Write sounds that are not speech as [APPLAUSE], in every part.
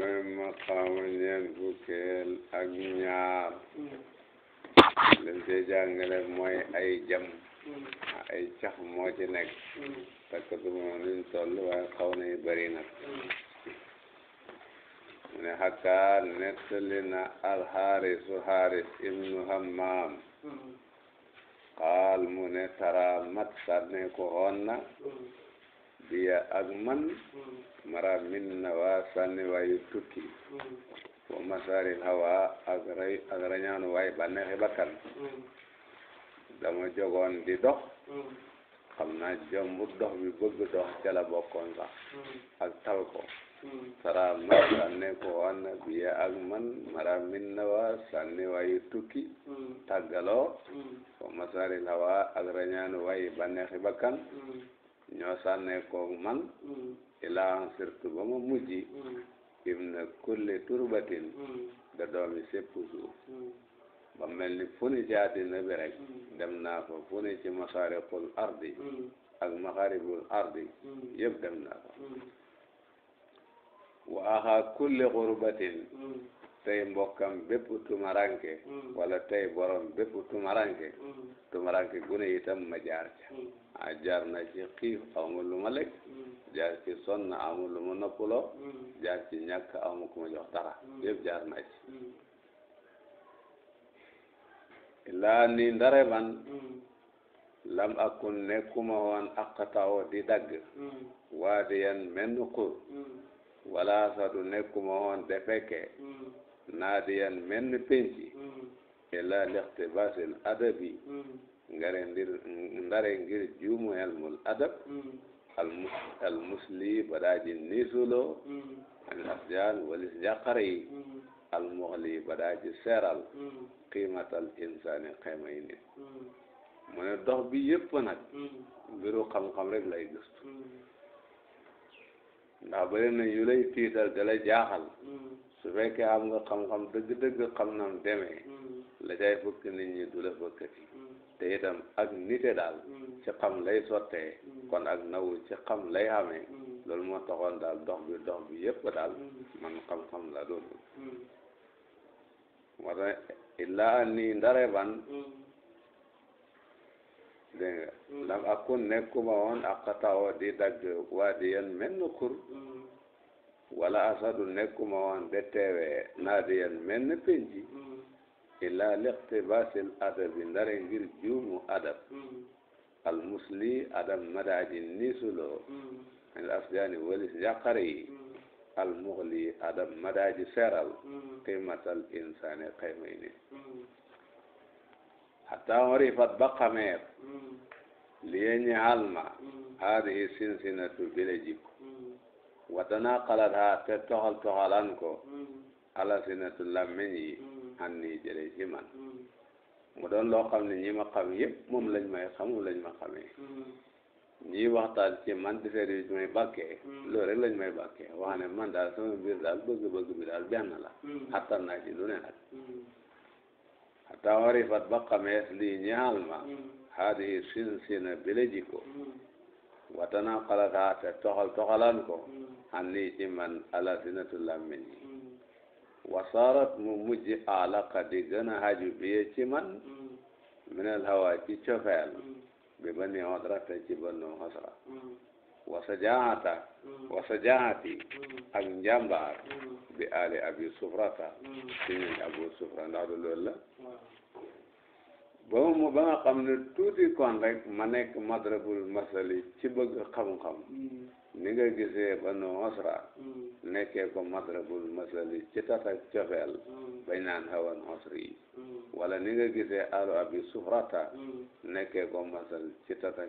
amee maqaama ñeen fukkeel ak ñaar lañ cee jàngale mooy ay jam ay cax moo ci nekk takkatuma nuñ toll waaye xaw nañ bëri nag mu ne xakka nettali na alxaarisu xaaris ibnu hammaam xaal mu ne tara mat sànne ko xoon na biya ak man mara min na waa sànni waayu tukki wa masaaril hawa ak ray ak rañaanu waay bànneexi bakkan dama jogoon di dox xam naa jombu dox bi bëgg dox ca bokkoon sax ak tal ko sara ma sànni ko waan na ak man mara min waa sànni waayu tukki tàggaloo wa masaaril hawa ak rañaanu waay bànneexi bakkan ñoo sànni ko man ilaa an sirtu ba ma mujj mm-hmm. ibna kulli turbatin da mm-hmm. doomi sépp suuf mm-hmm. ba mel ni fu ni ci àddina bi rek dem naa fa fu ni ci masariqul ardi ak maxaribul ardi yëpp dem naa fa wa aha kulli xurbatin tey mbokkam bépp tumaranke mm. wala tey borom bépp tumaranke mm. tumaranke gune itam ma jaar ca mm. a jaar na ci xiif amul ma lekk jaar ci sonn amul ma noppaloo jaar ci ñàkk amul ma jox dara yëpp jaar na ci laa ni ndare man lam akun nekkuma woon aqtaw di dagg waadiyan menn xur wala sadu nekkuma woon de fekke naadiyan menn penci ila mm. lixtibaasil adabi mm. ngare ndir ndare ngir juumu elmul adab mm. al musli badaaji niisulo an asjaan walis njàqare yi al muxli badaaji seeral qiimatal insaani xayma yi nit mu ne dox bi yëpp nag mbiru xam-xam rek lay gëstu ndax bëri na yu lay tiital da la jaaxal mm. su fekkee am nga xam-xam dëgg-dëgg xam nam demee mm. la jaay fëkk nit ñi du la fëkkati mm. te itam ak nite daal ci xam lay sottee kon ak nawu ci xam lay xamee loolu moo taxoon daal dox bi dox bi yépp daal man xam-xam la doon moo tax nii ndare ban dégg nga lam akun nekkuma woon aqatao di dagg waadiyan menn xur wala asadu nekkuma woon de teewee naadiyan menn penji ila liqtibasil adabi ndare ngir juumu adab al musli adam madaaji niisuloo al asjaani walis njàqare yi al muxli adam madaaji seeral qimatal insaani xaymay ne hatta orifat ba xameef liye ñaxal ma haadihi sinsinatu bile jikko watana xalat ha te toxal toxalan ko alasinatu lammiñ yi an nii jële man mu doon loo xam ne ñi ma xam yëpp moom lañ may xamul lañ ma xamee ñii waxtaan ci man di seet yi may bàkkee loolu rek lañ may bàkkee wax ne man daal sama mbir daal bëgg-bëgg bi daal benn la xattan naa ci lu ne nag hatta warifat ba xamees lii ñaal ma haadihi silsina bile jikko watana xalataa te toxal toxalan ko han nii ci man ala sinatu làmmiñ yi wasaarat mu mujj alaqa di gën a haju biye ci man minal hawa ci cofeel bi ba ni hodrata ci ba nu hasra wasajaata wa sajaati ak njàmbaar bi ali abi sufrata ci ñun abu sufra ndax la ba mu ba nga xam tuuti kon rek ma nekk madrabul masali ci bëgg xam-xam ni nga gisee banu osra mm. nekkee ko madrabul masali ci tas ak cofeel mm. bañ naan hawan mm. wala ni nga gisee alu abi sufrata nekkee ko masal ci tas ak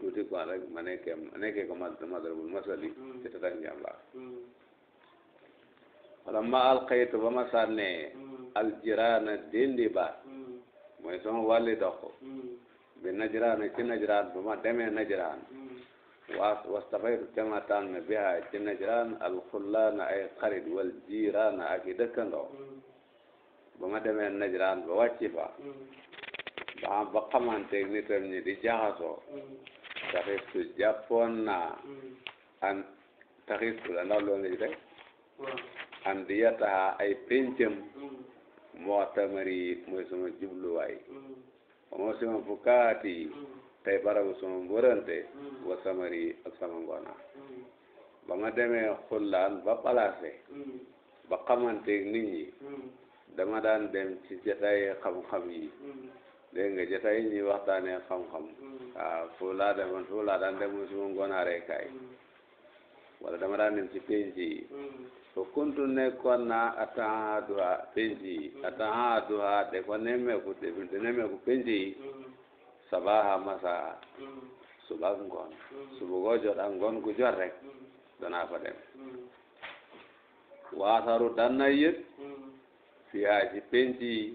ko rek ma nekkee nekkee ko madrabul masali ci tas wala ma alqaytu ba ma sànnee aljiraana dindi baat mooy sama wàlli dox bi najraan ci najraan ba ma demee najraan waas wastafaytu ca nga tànn biha ci najraan alxullaan ay xarit wal jiiraan ak i dëkkandoo ba ma demee najraan ba wàcci fa ba am ba xamanteeg nitam ñi di jaxasoo taxistu jàppoon naa an taxistu la ndax loolu lañ rek an di yataha ay péncam moo tamari mooy sama jubluwaay moo sama fukkaati tey barabu sama mbërante mm. wa samari ak sama ngona mm. ba ma demee xullaan ba palaase mm. ba xamanteeg nit ñi dama daan dem ci jataay xam-xam yi dégg nga jataay yi waxtaanee xam-xam waaw ah, foofu laa demoon laa daan dem sama ngonaaree kaay wala dama daan dem ci penc yi fo kuntu nekkoon naa ataha duha penc yi ataha duha de ko nemmeeku de nemmeeku penc yi sabaha masaa hmm. suba ak ngoon hmm. suba jot ak ah, ngoon gu jot rek hmm. danaa fa dem waasaru dan na yët fiyaa ci penc yi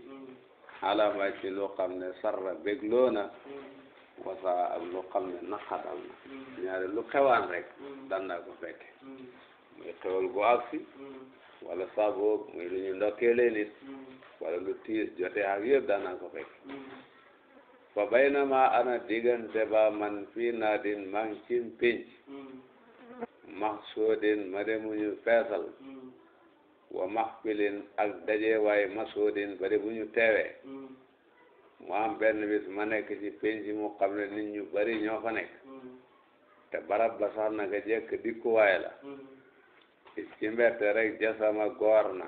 alama ci xam ne sarra bégloo na wasaa ak lu xam ne naqadal na ñaari lu rek dan naa ko fekke muy xewal gu agsi wala saboog muy lu ñu ndokkee lee nit wala lu dan naa ko fekke na baynama ana diggante ba man fii naa din maa ngi cin pénc max soodin ma de mu ñu feesal wa max pilin ak dajewaay ma soodin ba de bu ñu teewee mu am benn bis ma nekk ci pénc mu xam ne nit ñu bari ñoo fa nekk te barab ba sax naka jekk dikkuwaay la ci mbette rek jasama goor na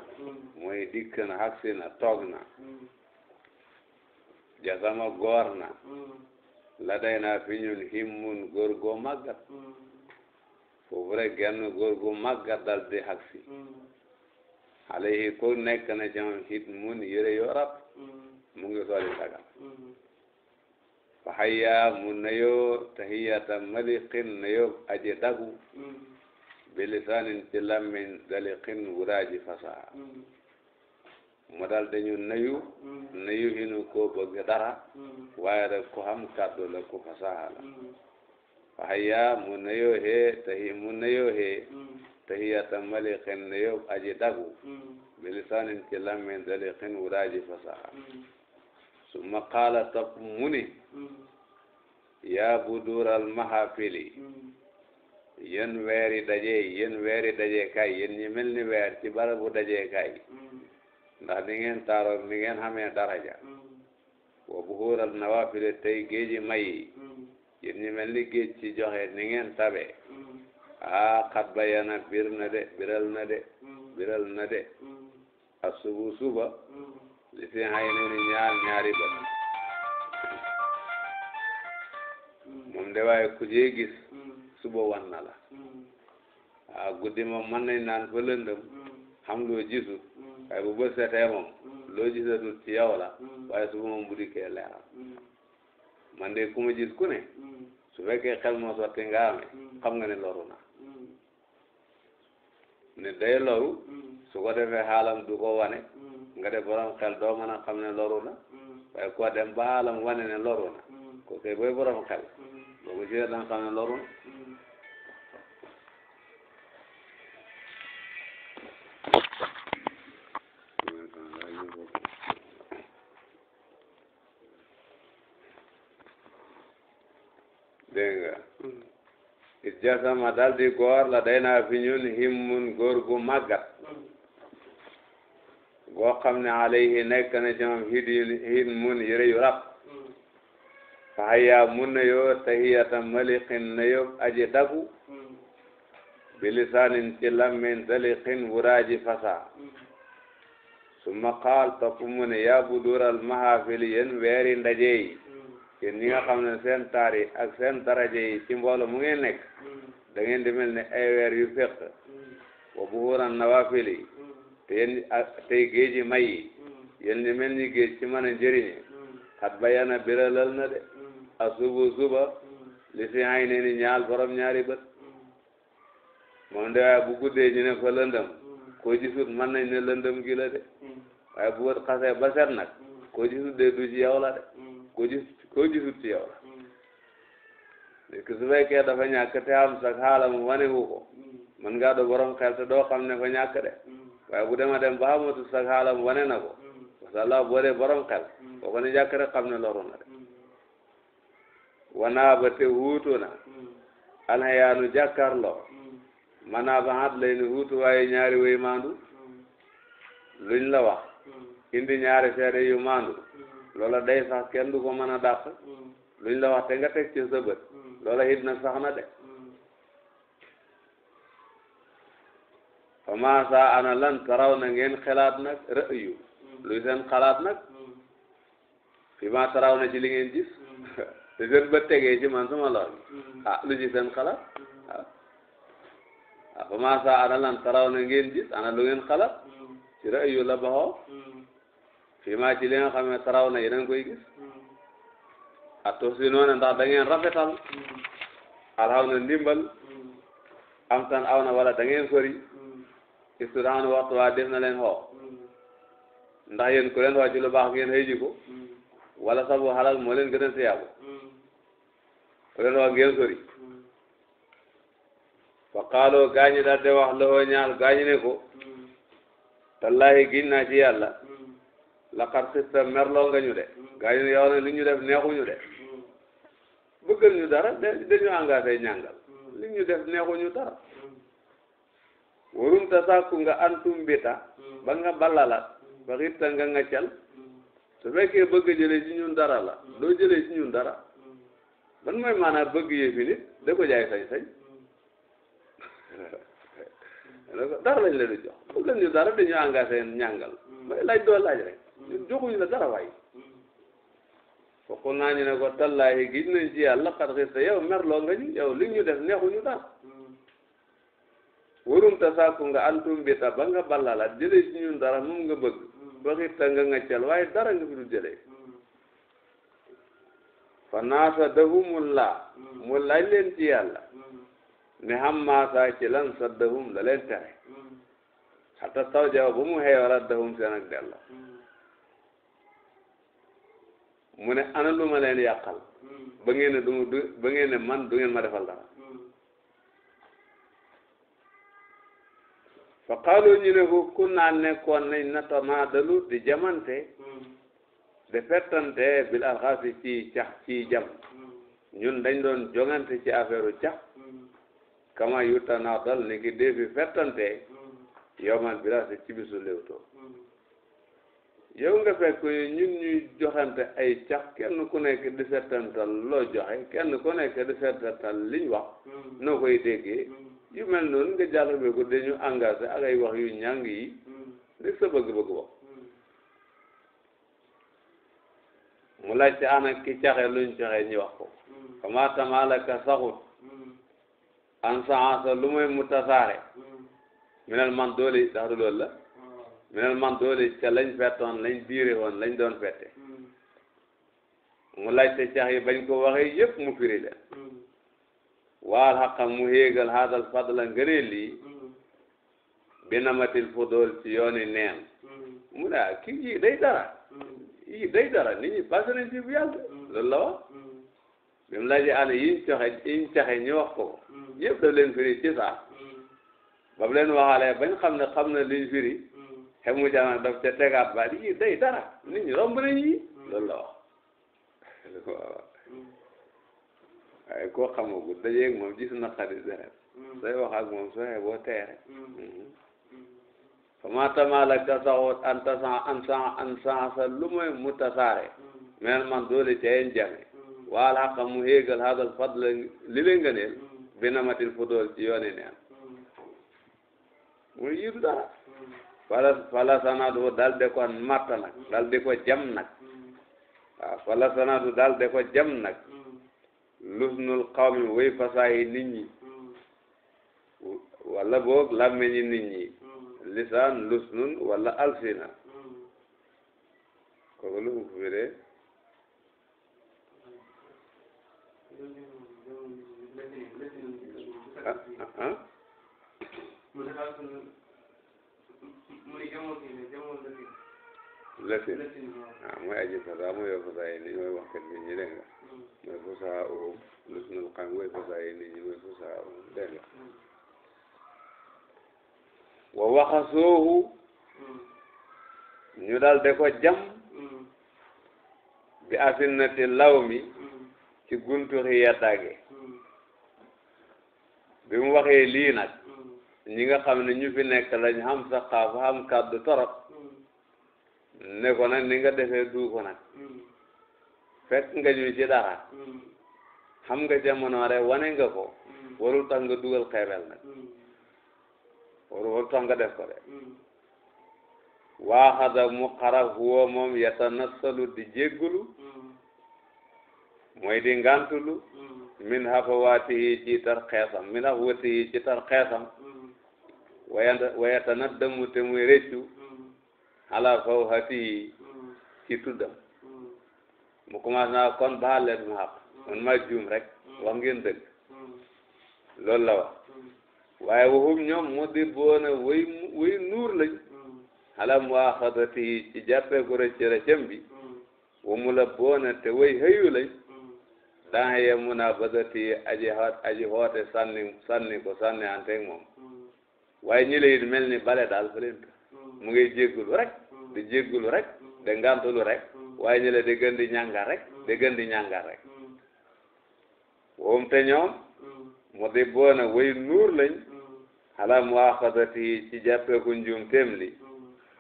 mooy dikk na agsi na toog na jasama goor na mm. la day naa fi ñun himmun góor gu màggat mm. foofu rek genn góor gu màggat dal di agsi mm. ko nekk na ci hit mun yére yoo mu ngi soli sagal fa hayya mu nayoo tahiyata maliqin nayoo aji dagu bilisanin ci lammin daliqin wuraaji fasaa mu dal dañu nayu mm-hmm. nayu hinu ko bëgg dara mm-hmm. waaye rek ku xam kàddu la ku fasaha la mm-hmm. fahaya mu nayo he tahi mu nayo he tahiyata malikin nayo aji dagu bilisanin ci lammin dalikin wuraaji fasaha summa qaala topp mu ni yaa budural mahafili yéen weeri daje yéen weeri daje kay yéen ñi mel ni weer ci barabu daje kay ndax di ngeen taaroog ni ngeen xamee daraja mm. wa buhuural nawaafile tey géeji mayi mm. yéen ñi mel ni géej ci joxe ni ngeen tabe mm. aa xat ba yana de biral de biral a subu suba li si hay ni ñaar ñaari ba moom de waaye ku gis suba wan na la a guddi moom mën nañ naan fa lëndëm loo gisu waaye bu bët setee moom mm. loo gisatul ci yow la mm. waaye suba moom bu dikkee leeral mm. man de ku ma gis ku ne su fekkee xel moo sotti nga xam nga ne loru na ne day loru su ko defee xaalam du ko wane nga def borom xel doo mën a xam ne loru na waaye ko dem ba xaalam wane ne loru ko kay booy borom xel boo ko gisee da nga xam ne loru dégg nga hmm. it jasama dal di góor la day naa fi ñun himmun góor gu màggat hmm. goo xam ne alayhi nekk na ci moom yu rab hmm. fahaya mun na yoo tahiyata maliqin na yoo aji dagu bilisanin ci lammin daliqin wuraaji fasa summa qaal topp mu ne yaa budural mahafil yéen yéen ñi nga xam ne seen taar yi ak seen daraja yi ci mbooloo mu ngeen nekk mm. da ngeen di mel ne ay weer yu fekk mm. wa buhuran nawafil yi mm. te yéen ah, tey géej yi may yi yéen ñi mel ni géej ci mën a njëriñe xat bayana biralal na de asubu suba li si ay ne ni ñaal borom ñaari bët moom de waaye bu guddee ñu ne fa lëndëm koo gisut mën nañ ne lëndëm gi la de waaye bu bët xasee ba set nag koo gisut de du ci yow la de koo gisut koo gisut ci yow la léegi su fekkee dafa ñàkk te am sax xaalam wane wu ko mën ngaa do borom xel te doo xam ne fa ñàkk de waaye bu dema dem ba xamatu sax xaalam wane na ko masala boo dee borom xel boo ko ne jàkk rek xam ne loru na de wanaa ba te wuutu na alxayaanu jàkkaarloo manaa ba xat lay ni wuutu waaye ñaari way maandu luñ la wax indi ñaari seede yu maandu loola day sax kenn du ko mën a dàq mm. luñ la wax te nga teg ci sa bët mm. loola it nag sax na de mm. fama sa ana lan taraw na ngeen xalaat nag ra'yu luy seen xalaat nag fi ma taraw na ci li ngeen gis lu [LAUGHS] seen bët ci man sama ah lu ci seen xalaat ah ana lan taraw na ngeen gis ana lu ngeen xalaat ci ra'yu la baxoo fima ci li nga xam ne taraw na yéen a ngi koy gis a ndax da rafetal alxaw na ndimbal am tan aw na wala da ngeen sori istudan waxtu waa na leen xoo ndax yéen ku leen wax ci lu baax ngeen xëy ji ko wala sabu halal moo leen gën a siyaabu ku leen wax ngeen sori fa qaaloo gaañi daal de wax loxo ñaar gaañi ne ko tallahi giñ naa ci laqad sista merloo nga ñu de gaa yi yow ne li ñu def neexuñu de bëggal ñu dara dañu engagé ñàngal li ñu def neexuñu dara warum ta sàkku nga antum bita ba nga balalat ba xitta nga nga cal su fekkee bëgg jëlee ci ñun dara la doo jëlee ci ñun dara ban mooy maanaam bëgg yëfi nit da ko jaay sañ-sañ [LAUGHS] dara lañ leen di jox bëggal ñu dara dañu engagé ñàngal mooy laaj doo laaj rek joxuñu la dara waay fokkul naa ñu ne ko tallaahi gis nañ ci yàlla xat xista yow merloo nga ñu yow li ñu def neexuñu dara warum ta sàkku nga antum bita ba nga ballalaat jëlee ci ñun dara moom nga bëgg ba xirta nga ngaccal waaye dara nga fi du jëlee fa naasa dahumul laa mu laaj ci yàlla ne xam maasaa ci lan sa dahum la leen tere xata taw jawa ba mu xeewalaat dahum seen ak delloo mu ne ana lu ma leen yàqal hmm. ba ngeen ne du du ba ngeen ne man du ngeen ma defal dara hmm. fa qaalu ñu ne ko ku naan nekkoon nañ na tamaadalu di jamante hmm. de fettante bil alxaasi ci cax ci jam ñun dañ doon jongante ci affaire cax kama yutta naa dal ni ki dee fi fettante yow man bilaasi ci bisu léewtoo yow nga fekk ñun ñuy joxante ay cax kenn ku nekk di seetantal loo joxe kenn ku nekk di seetantal liñ wax mm. noo koy déggee mm. yu mel noonu nga jàllale ko dañu engagé ak ay wax yu ñàng yi li mm. sa bëgg-bëgg wax mu laajte ana ki caxe luñ caxe ñi wax ko kama tamalaka saxut an saansa lu muy mu tasaare minal man doole yi ndax du la minal man doole ca lañ fettoon lañ diire woon lañ doon fette mu laajte cax yi bañ ko waxee yëpp mu firi leen waal xaqam mu héegal haadal fadla ngënee lii binamatil fudool ci yooni neen mu ne ah, ki yi day dara yi day dara nit ñi passé nañ ci bu yàgg loolu la wax bi mu laajee ana yiñ coxe yiñ caxe ñu wax ko yëpp daf leen firi ci sax ba mu leen waxaalee bañ xam ne xam na liñ firi te mu jàmm daf ca tegaat baal yi day dara nit romb nañ yi mm. loolu la wax [LAUGHS] waaye koo xamagul dajeeg moom gis na xarit deret mm. sooy wax ak moom soo xeeboo teere mm. famatamalak ta saxoot an tasan an san an sa lu mooy mu tasaare mel man doole cayen jame waal xaqa mu héegal hadal fadla li leen nga neel binamatil fu dool ci yooni dara fala fala sanadu dal de ko matt nag dal de ko jam nag fala sanadu dal de ko jam nag lusnul qawmi way fasaayi nit ñi wala boog làmmeñi nit ñi lisaan lusnun wala alsina kooku lu mu firee ah ah, ah. ah, ah. muy jamono bi ah mooy aji fasaa mooy fasaa yi nit ñi mooy waxkat nit ñi dégg nga hmm. mooy fasaa uum lësinul xam mooy fasaa yi nit ñi mooy fasaa uum dégg nga hmm. wa waxasoohu hmm. ñu dal de ko jam bi asinnati law mi ci guntu xi yeddaage bi mu waxee lii nag ñi nga xam ne ñu fi nekk lañ xam sa xaaf xam kàddu torop ne ko nag ni nga defe du ko nag fekk nga ñu ci dara xam nga jamono rek wane nga ko warul tax nga dugal xeebel nag warul tax nga def ko de waaxada mu xara huwa moom yatanassalu di jéggulu mooy di ngantulu min hafawaatihi ci tar xeesam min hafawaatihi ci tar xeesam wayata wayata naddamu te muy réccu mm. ala faw hati mm. ci tuddam mm. mu commencé kon baal leen ma xaq man maa juum rek wax ngeen dëgg loolu la wax waaye waxum ñoom mu di boona way way nuur lañ ala muwaaxadati ci jàppee ko rëcc rëccam bi wamu la boona te way xëyu lañ daa ye munabadati aji aji hoote sànni sànni ko sànni anteeg moom waaye ñi mel ni bale daal fa mm. mu ngi mm. jéggulu rek di jéggulu rek de ngantulu rek waaye ñi la di gën ñàngar rek mm. di gën di rek woom te ñoom mu di boona way nuur lañ xalaa mu axasati ci jàppeeku njuum téem li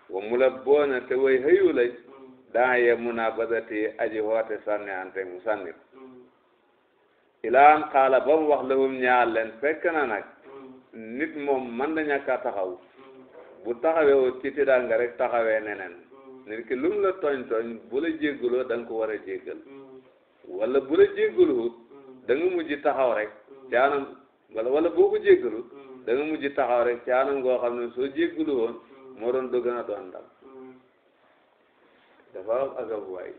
wa mu la boona te way xëyu lañ daa ye mun a badati aji hoote sànni ante mu sànni ko ilaan xaala ba mu wax lahum ñaar leen fekk na nit moom man la ñàkk taxaw bu taxawee ci tiraanga rek taxawee neneen nit ki lu la tooñ tooñ bu la jéggaloo da ko war a jéggal wala bu la jéggaluwut da mujj taxaw rek ci anam wala wala boo ko jéggalu da mujj taxaw rek ci anam goo xam ne soo jéggalu moo doon du gën a doon ndam dafa am ak ab waay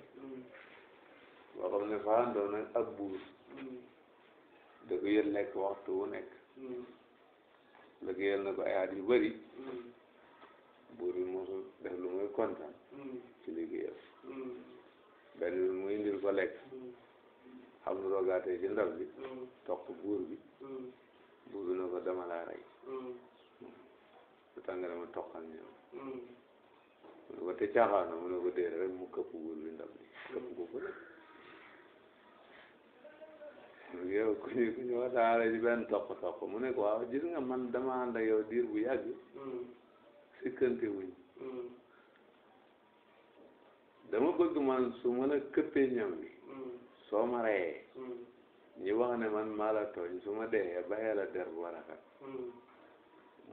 boo xam ne faandoo nag ak buur da ko yël nekk waxtu wu nekk liggéeyal na ko ay at yu bëri mm. buur bi mosul def lu muy kontaan mm. ci liggéeyam mm. benn bi muy indil ko lekk xam nu rogaatee ci ndab bi toq buur bi buur bi na ko dama laa rey su tàngale ma toqal ñoom mu ne ko te caaxaana mu ne ko déere rek mu këpp buur bi ndab bi këpp ko ko rek yow ku ñu ku ñu waxtaanee ci benn topp topp mu ne ko waaw gis nga man dama ànd ak bu yàgg hmm. sikkante wuñ hmm. dama bëgg man su ma la këppee ñam bi hmm. ma reyee ñi wax ne man maa la tooñ su ma de bàyyi la der bu rafet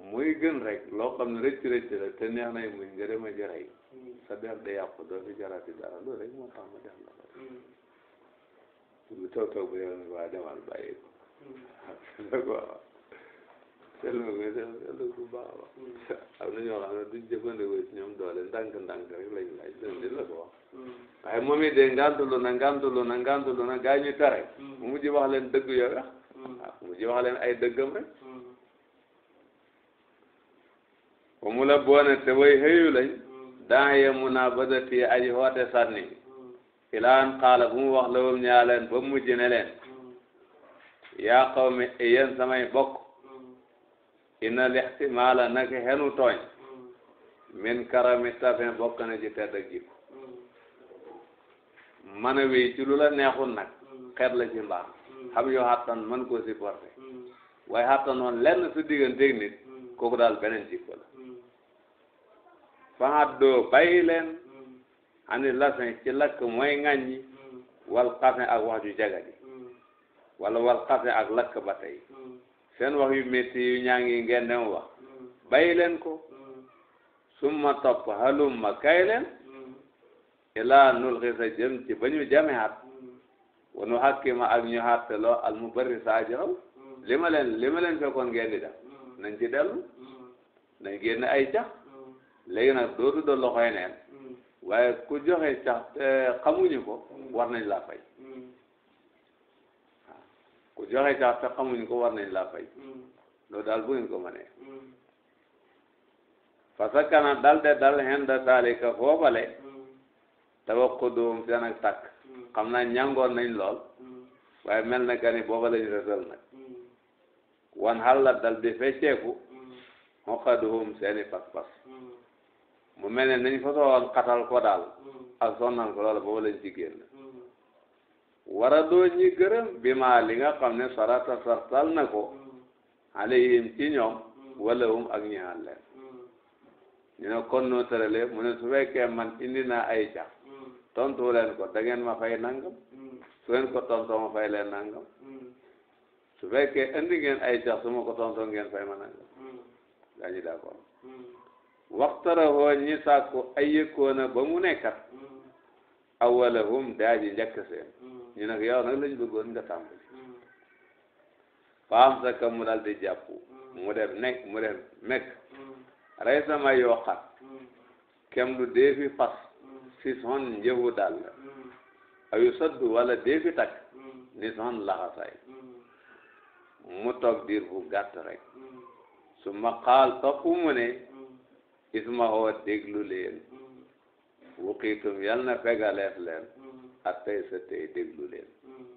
muy gën rek loo xam ne rëcc la te neex nay muñ nga dem sa der de yàqu doo fi jarati dara loolu rek moo tax ma def lu toog toog bu yàlla waa demal bàyyi ko seetlu nga koy seetlu bu baax a baax am na ñoo xam ne duñ jëfandikoo ci ñoom doole ndànk-ndànk rek lañ laaj dindi la ko wax waaye moom it de ngantulu na ngantulu na ngantulu na gaa ñuy tere mu mujj wax leen dëgg yo wax mu mujj wax leen ay dëggam rek ko mu la boone te way xëyu lañ daa ye mu naa ba da tiye aji xoote sànni kilaan qaala bu mu wax lawum ñaa leen ba mujj ne leen yaa qawmi yéen samay bokk inna lixtimaala naka xenu tooñ min karami tafin bokk na ci tedd ak jikko man a wéy ci lu la neexul nag xeet la ci mbaax xam yoo xattan man koo supporté waaye xattanoon lenn su digganteeg nit kooku daal beneen jikko la faxat doo bàyyi leen ani lasin ci lakk mooy ŋàññi mm. wal xasin ak wax ju jagadi mm. wala wal xasin ak lakk ba tey mm. seen wax yu métti yu ñaa ngi ngeen dem wax bàyyi leen ko summa topp halumma kay leen ilaa nul xisa jëm ci ba ñu jame xat wanu hakkima ak ñu xatteloo al mu bari saa jiraw li ma leen li ma leen fekkoon ngeen di def ci dellu nañ génn ay cax léegi nag dootu do loxoy neen waaye ku joxe eh, hmm. hmm. sax xamuñu ko war nañ laa fay ku joxe sax te xamuñu ko war nañ laa fay loolu daal bu ko mënee parce hmm. que kana dal de dal hen da dalika foofale tawa xudduum seen ak takk xam naa ñàngoon nañ lool waaye mel na ka ni booba lañ rësal nag wan xal la dal di fecceeku xoqaduhum seeni pas-pas mu mel ne nañ fa soxoon ko daal ak sonnal ko loolu boobu lañ ci génn wara doo ñi gërëm bi maa li nga ne sarata sartal na ko alayhim ci ñoom wala hum ak ñi xaal leen ñu ne kon noo tëralee mu ne su fekkee man indi naa ay jax tontu ko da ngeen ma fay nangam su ngeen ko tontoo ma fay leen nangam su fekkee indi ngeen ay jax su ma fay ma nangam gaa ñi d'accord waxtara hoo ñi sàkku ay yëkkoona ba mu nekkat awalahum daaji njëkk seen ñu nag yow nag lañ bëggoon nga tàmbali faam sa ka mu dal di jàpp mu def nekk mu def mekk rey sama yooxat kem lu deefi fas si son njëfu dal ayu saddu wala deefi takk ni son laxasay mu toog diir bu gàtt rek su ma xaal topp mu ne ismaho déglu leen wuqiitum yal na fegaleef leen attay sa tey déglu leen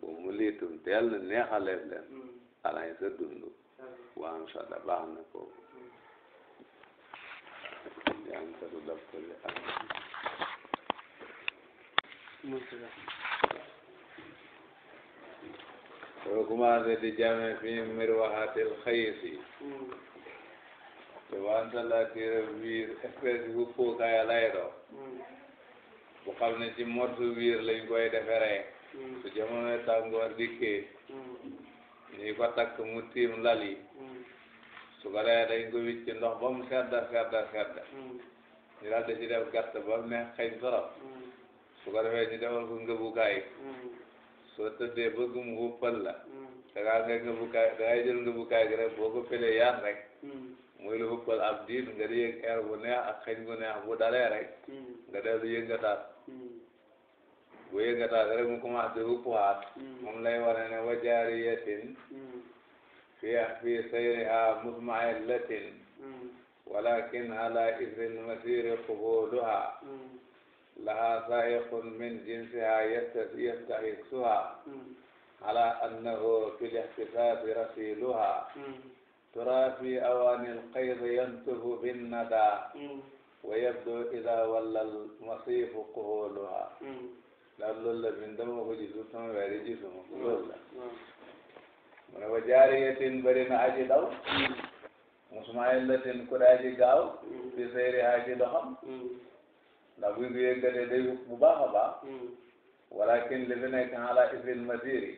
wa muliitum te yal na neexaleef leen alañ sa dundu wa am sada baax na foofu jànkatu daftali ak soo commencé di Cobaan Talla Kelle wiir espèce bu fookaay lay doon. bu xam ne ci morsu wiir lañ koy defaree. su jamono tàngoor dikkee. ñu ko takk mu tiim lal yi. su ko defee dañ ko wicc ndox ba mu sedda sedda sedda. ñu daal di ci def gàtt ba mu neex xëy su ko defee ñu defal ko ngëbukaay. soo tëddee bëgg mu wuppal la. da ngaa ngay ngëbukaay jël ngëbukaay gi rek boo ko pelee yaat rek. muy lu huppal ab diir nga di yëg air bu neex ak xëñ bu neex bu dalee rek hmm. nga dellu yëngataat hmm. bu yëngataat mu commencé hupp waat hmm. moom wa jaariyatin fi fi sayriha mutmaillatin walakin ala izril masiri qubuluha laha saiqun min jinsiha yastahiqsuha ala annahu fi lihtisabi rasiluha ترى في أواني القيظ ينتف بالندى ويبدو إذا ولى المصيف قهولها daal loolu la bind dama ko gisul sama weeri gisuma loolu la mu ne ko jaariyatin bëri na aji daw musmaillatin ku daa ji gaaw fi seyri haa ji doxam ndax buy ko yëggatee day bu baax a baax walakin li fi nekk ala isil masiri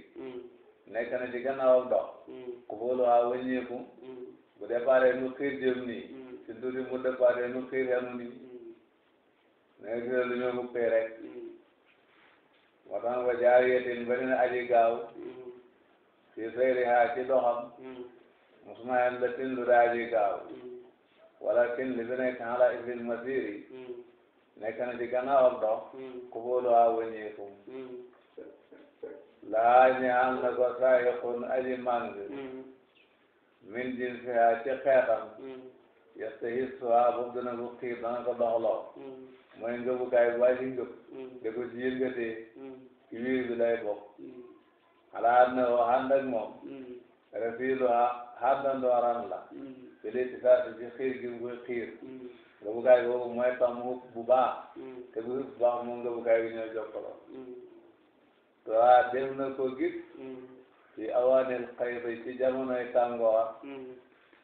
nekk na ci gannaawam dox hmm. ku boolu waa wëññeeku hmm. bu départ nu xiir jëm nii hmm. si tuuti mu départ nu xiir xenu nii nekk na lu ñoo bukkee rek moo tax ba jaariyatin bari na aji gaaw si sayri haa ci doxam musmayan la tin lu daa aji gaaw wala tin li fi nekk ala ibil masiri nekk na ci gannaawam dox ku boolu waa wëññeeku laa ñaan na ko saayiqun aji màng mm-hmm. min jinsiha ci xeetam mm-hmm. yastahissuha boobu dana ko xiir dana ko doxloo mm-hmm. mooy ngëbukaay bu aji ngëb da ko ci yëngatee ci wiir bi lay bokk xalaat na woo ànd ak moom refiilu xàndandooram la fili ci saa si ci xiir gi mu koy xiir ngëbukaay boobu mooy tax mu bu baax te bu bu baax moom ngëbukaay bi ñoo jokkaloo waa dem na ko gis mm. ci awaanil xayri ci jamonoy tàngoor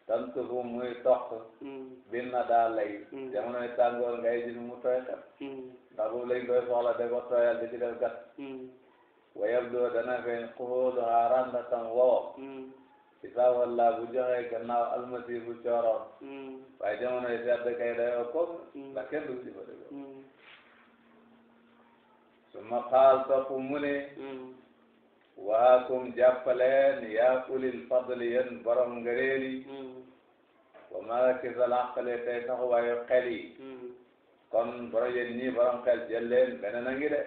tantu mm. fu muy toq mm. bin na daa lay jamonoy tàngoor ngay gis mu tooy xet ndax boobu lañ koy soxla de ko tooyal di ci def gat wayab doo dana feeñ xuxóolu haa randa tam wowam isaa walla bu joxee gannaaw almasi bu cooroon waaye jamonoy sedd kay dayoo kom la kenn du ci fa suma qaal topp mu ne hmm. waakum jàppaleen yaa ulil fadli yéen borom ngëneel yi hmm. wa marakis al aqli tey taxawaayu xel yi hmm. kon borom yéen ñii borom xel jël leen beneen a ngi de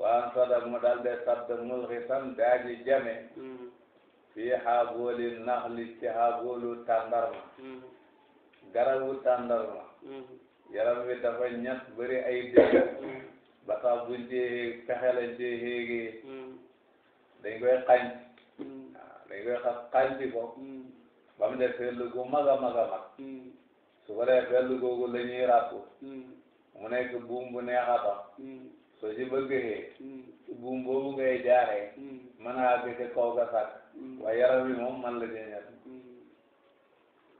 waan sada mu dal de sadd mulxisan daaji jame fii xaabooli naxli ci xaaboolu tàndarma garabu tàndarma yaram wi dafa ñat bëri ay dëgg ba tax buñ dee xeex pexe lañ dee xeexee hmm. dañ koy xañ waaw hmm. ah, dañ koy xa xañ di ko hmm. ba mu def fetlu gu mag a mag a mag su ko dee fetlu googu la ñuy ràpp mu nekk bu neex a tax soo ci bëgg xee buum boobu ngay jaaree mën a àgg ca kaw ga sàkk waaye yaram wi moom man la jeñat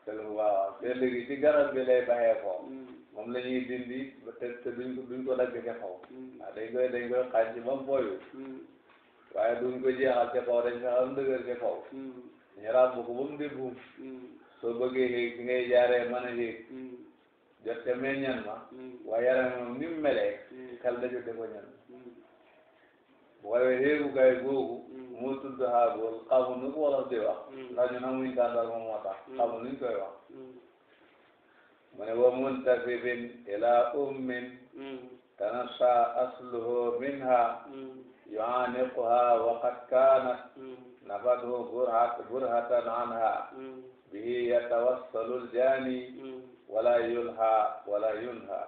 te lu baax fetlu gi ci garab bi lay baxee ko moom la ñuy dindi te te duñ ko duñ ko dagg a kaw mm. waaw dañ koy dañ koy xaaj ci ba mu booyu mm. waaye duñ ko jeexal ca kaw dañ sax am dëgër ca kaw mm. ñu ràbb ko ba mu di buum soo bëggee yéeg fi ngay jaaree mën a yéeg jot ca meññan ma waaye yaram moom ni mu melee xel da jot ko ñan waaye xéegukaay googu moo tudd xaagool xamul nu ko wolof di wax ndax ñun amuñ tàndar moom moo tax xamul nuñ koy wax mu ne wa muntasibin ila ummin mm. tanasa asluhu minha mm. yuaniquha wa qad kanat mm. nafatuhu burhat burhatan anha bihi yatawassalu aljani wala yulha wala yunha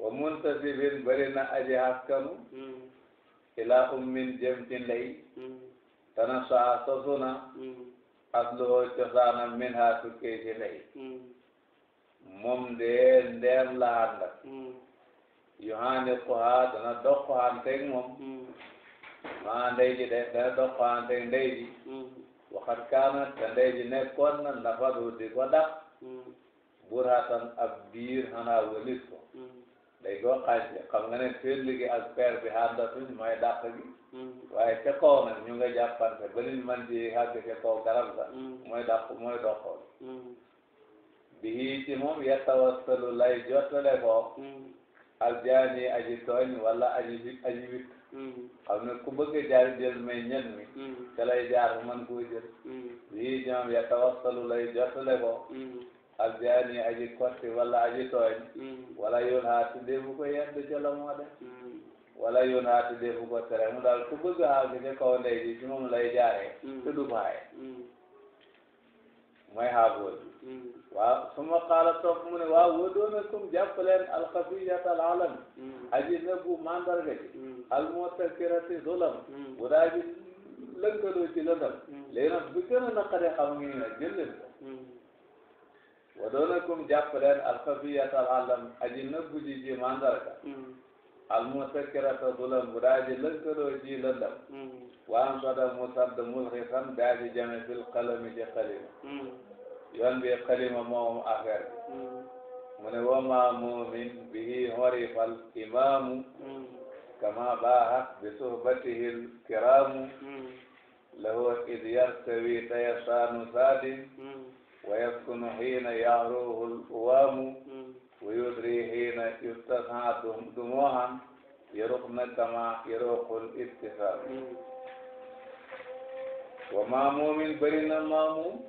wa muntasibin bari na aji haskanu ila ummin jëm ci ndey tanasa sosuna asluhu cosaanam minha tukkee ci ndey moom de ndeem la ànda hmm. yohane koha dana dox kohanteeg moom hmm. ma ndey ji de dana dox kohanteeg ndey ji hmm. waxat kaana te ji nekkoon na nafadu di ko dax buratan ab biir xanaa walit ko day ko xaaj xam nga ne féll gi ak peer bi àndatuñ mooy dàq gi waaye ca kaw nag ñu nga jàppante ba liñ man ji àgg ca bi ci moom yatawassalu lay jottale ko aljaani aji tooñ wala aji bi aji wit xam ne ku bëgg jaar jël mi te lay jaar man koo jël bi ci moom yatawassalu lay jottale ko aljaani aji kotti wala aji tooñ wala yoon haati defu ko yedd ca la moo def wala yoon haati defu ko tere mu daal ku bëgg xaal ci kaw ndey ji ci moom lay jaaree te du baaye mooy xaaboo ji waaw su ma xaala topp mu ne waaw wóodoonakum jàpp leen alxafiyata al alam aji nëbbu mandarga ji almutakirati zulam bu hmm. daa ji lënkaloo ci lëndam hmm. léegi nag bu gën a naqari xam ngi nag jël leen ko hmm. wóodoonakum jàpp leen alxafiyata al alam aji nëbbu ji ji mandarga almutakirata zulam bu daa ji lënkaloo ji lëndam waan sada musadda mulxisan daa ji jame fil qalami ji xalima yoon bi xalima moom affaire mm. mu ne wa maamumin bihi horifal imaamu mm. kama baahat bi suhbatihi lkiraamu mm. lahu id yartawi tayasaanu saadin wa yaskunu xiina yahruhu luwaamu wa yudri xiina yuftasaa dumuhan yaruqna kama yaruqul ittisaam wa maamumin bëri na maamu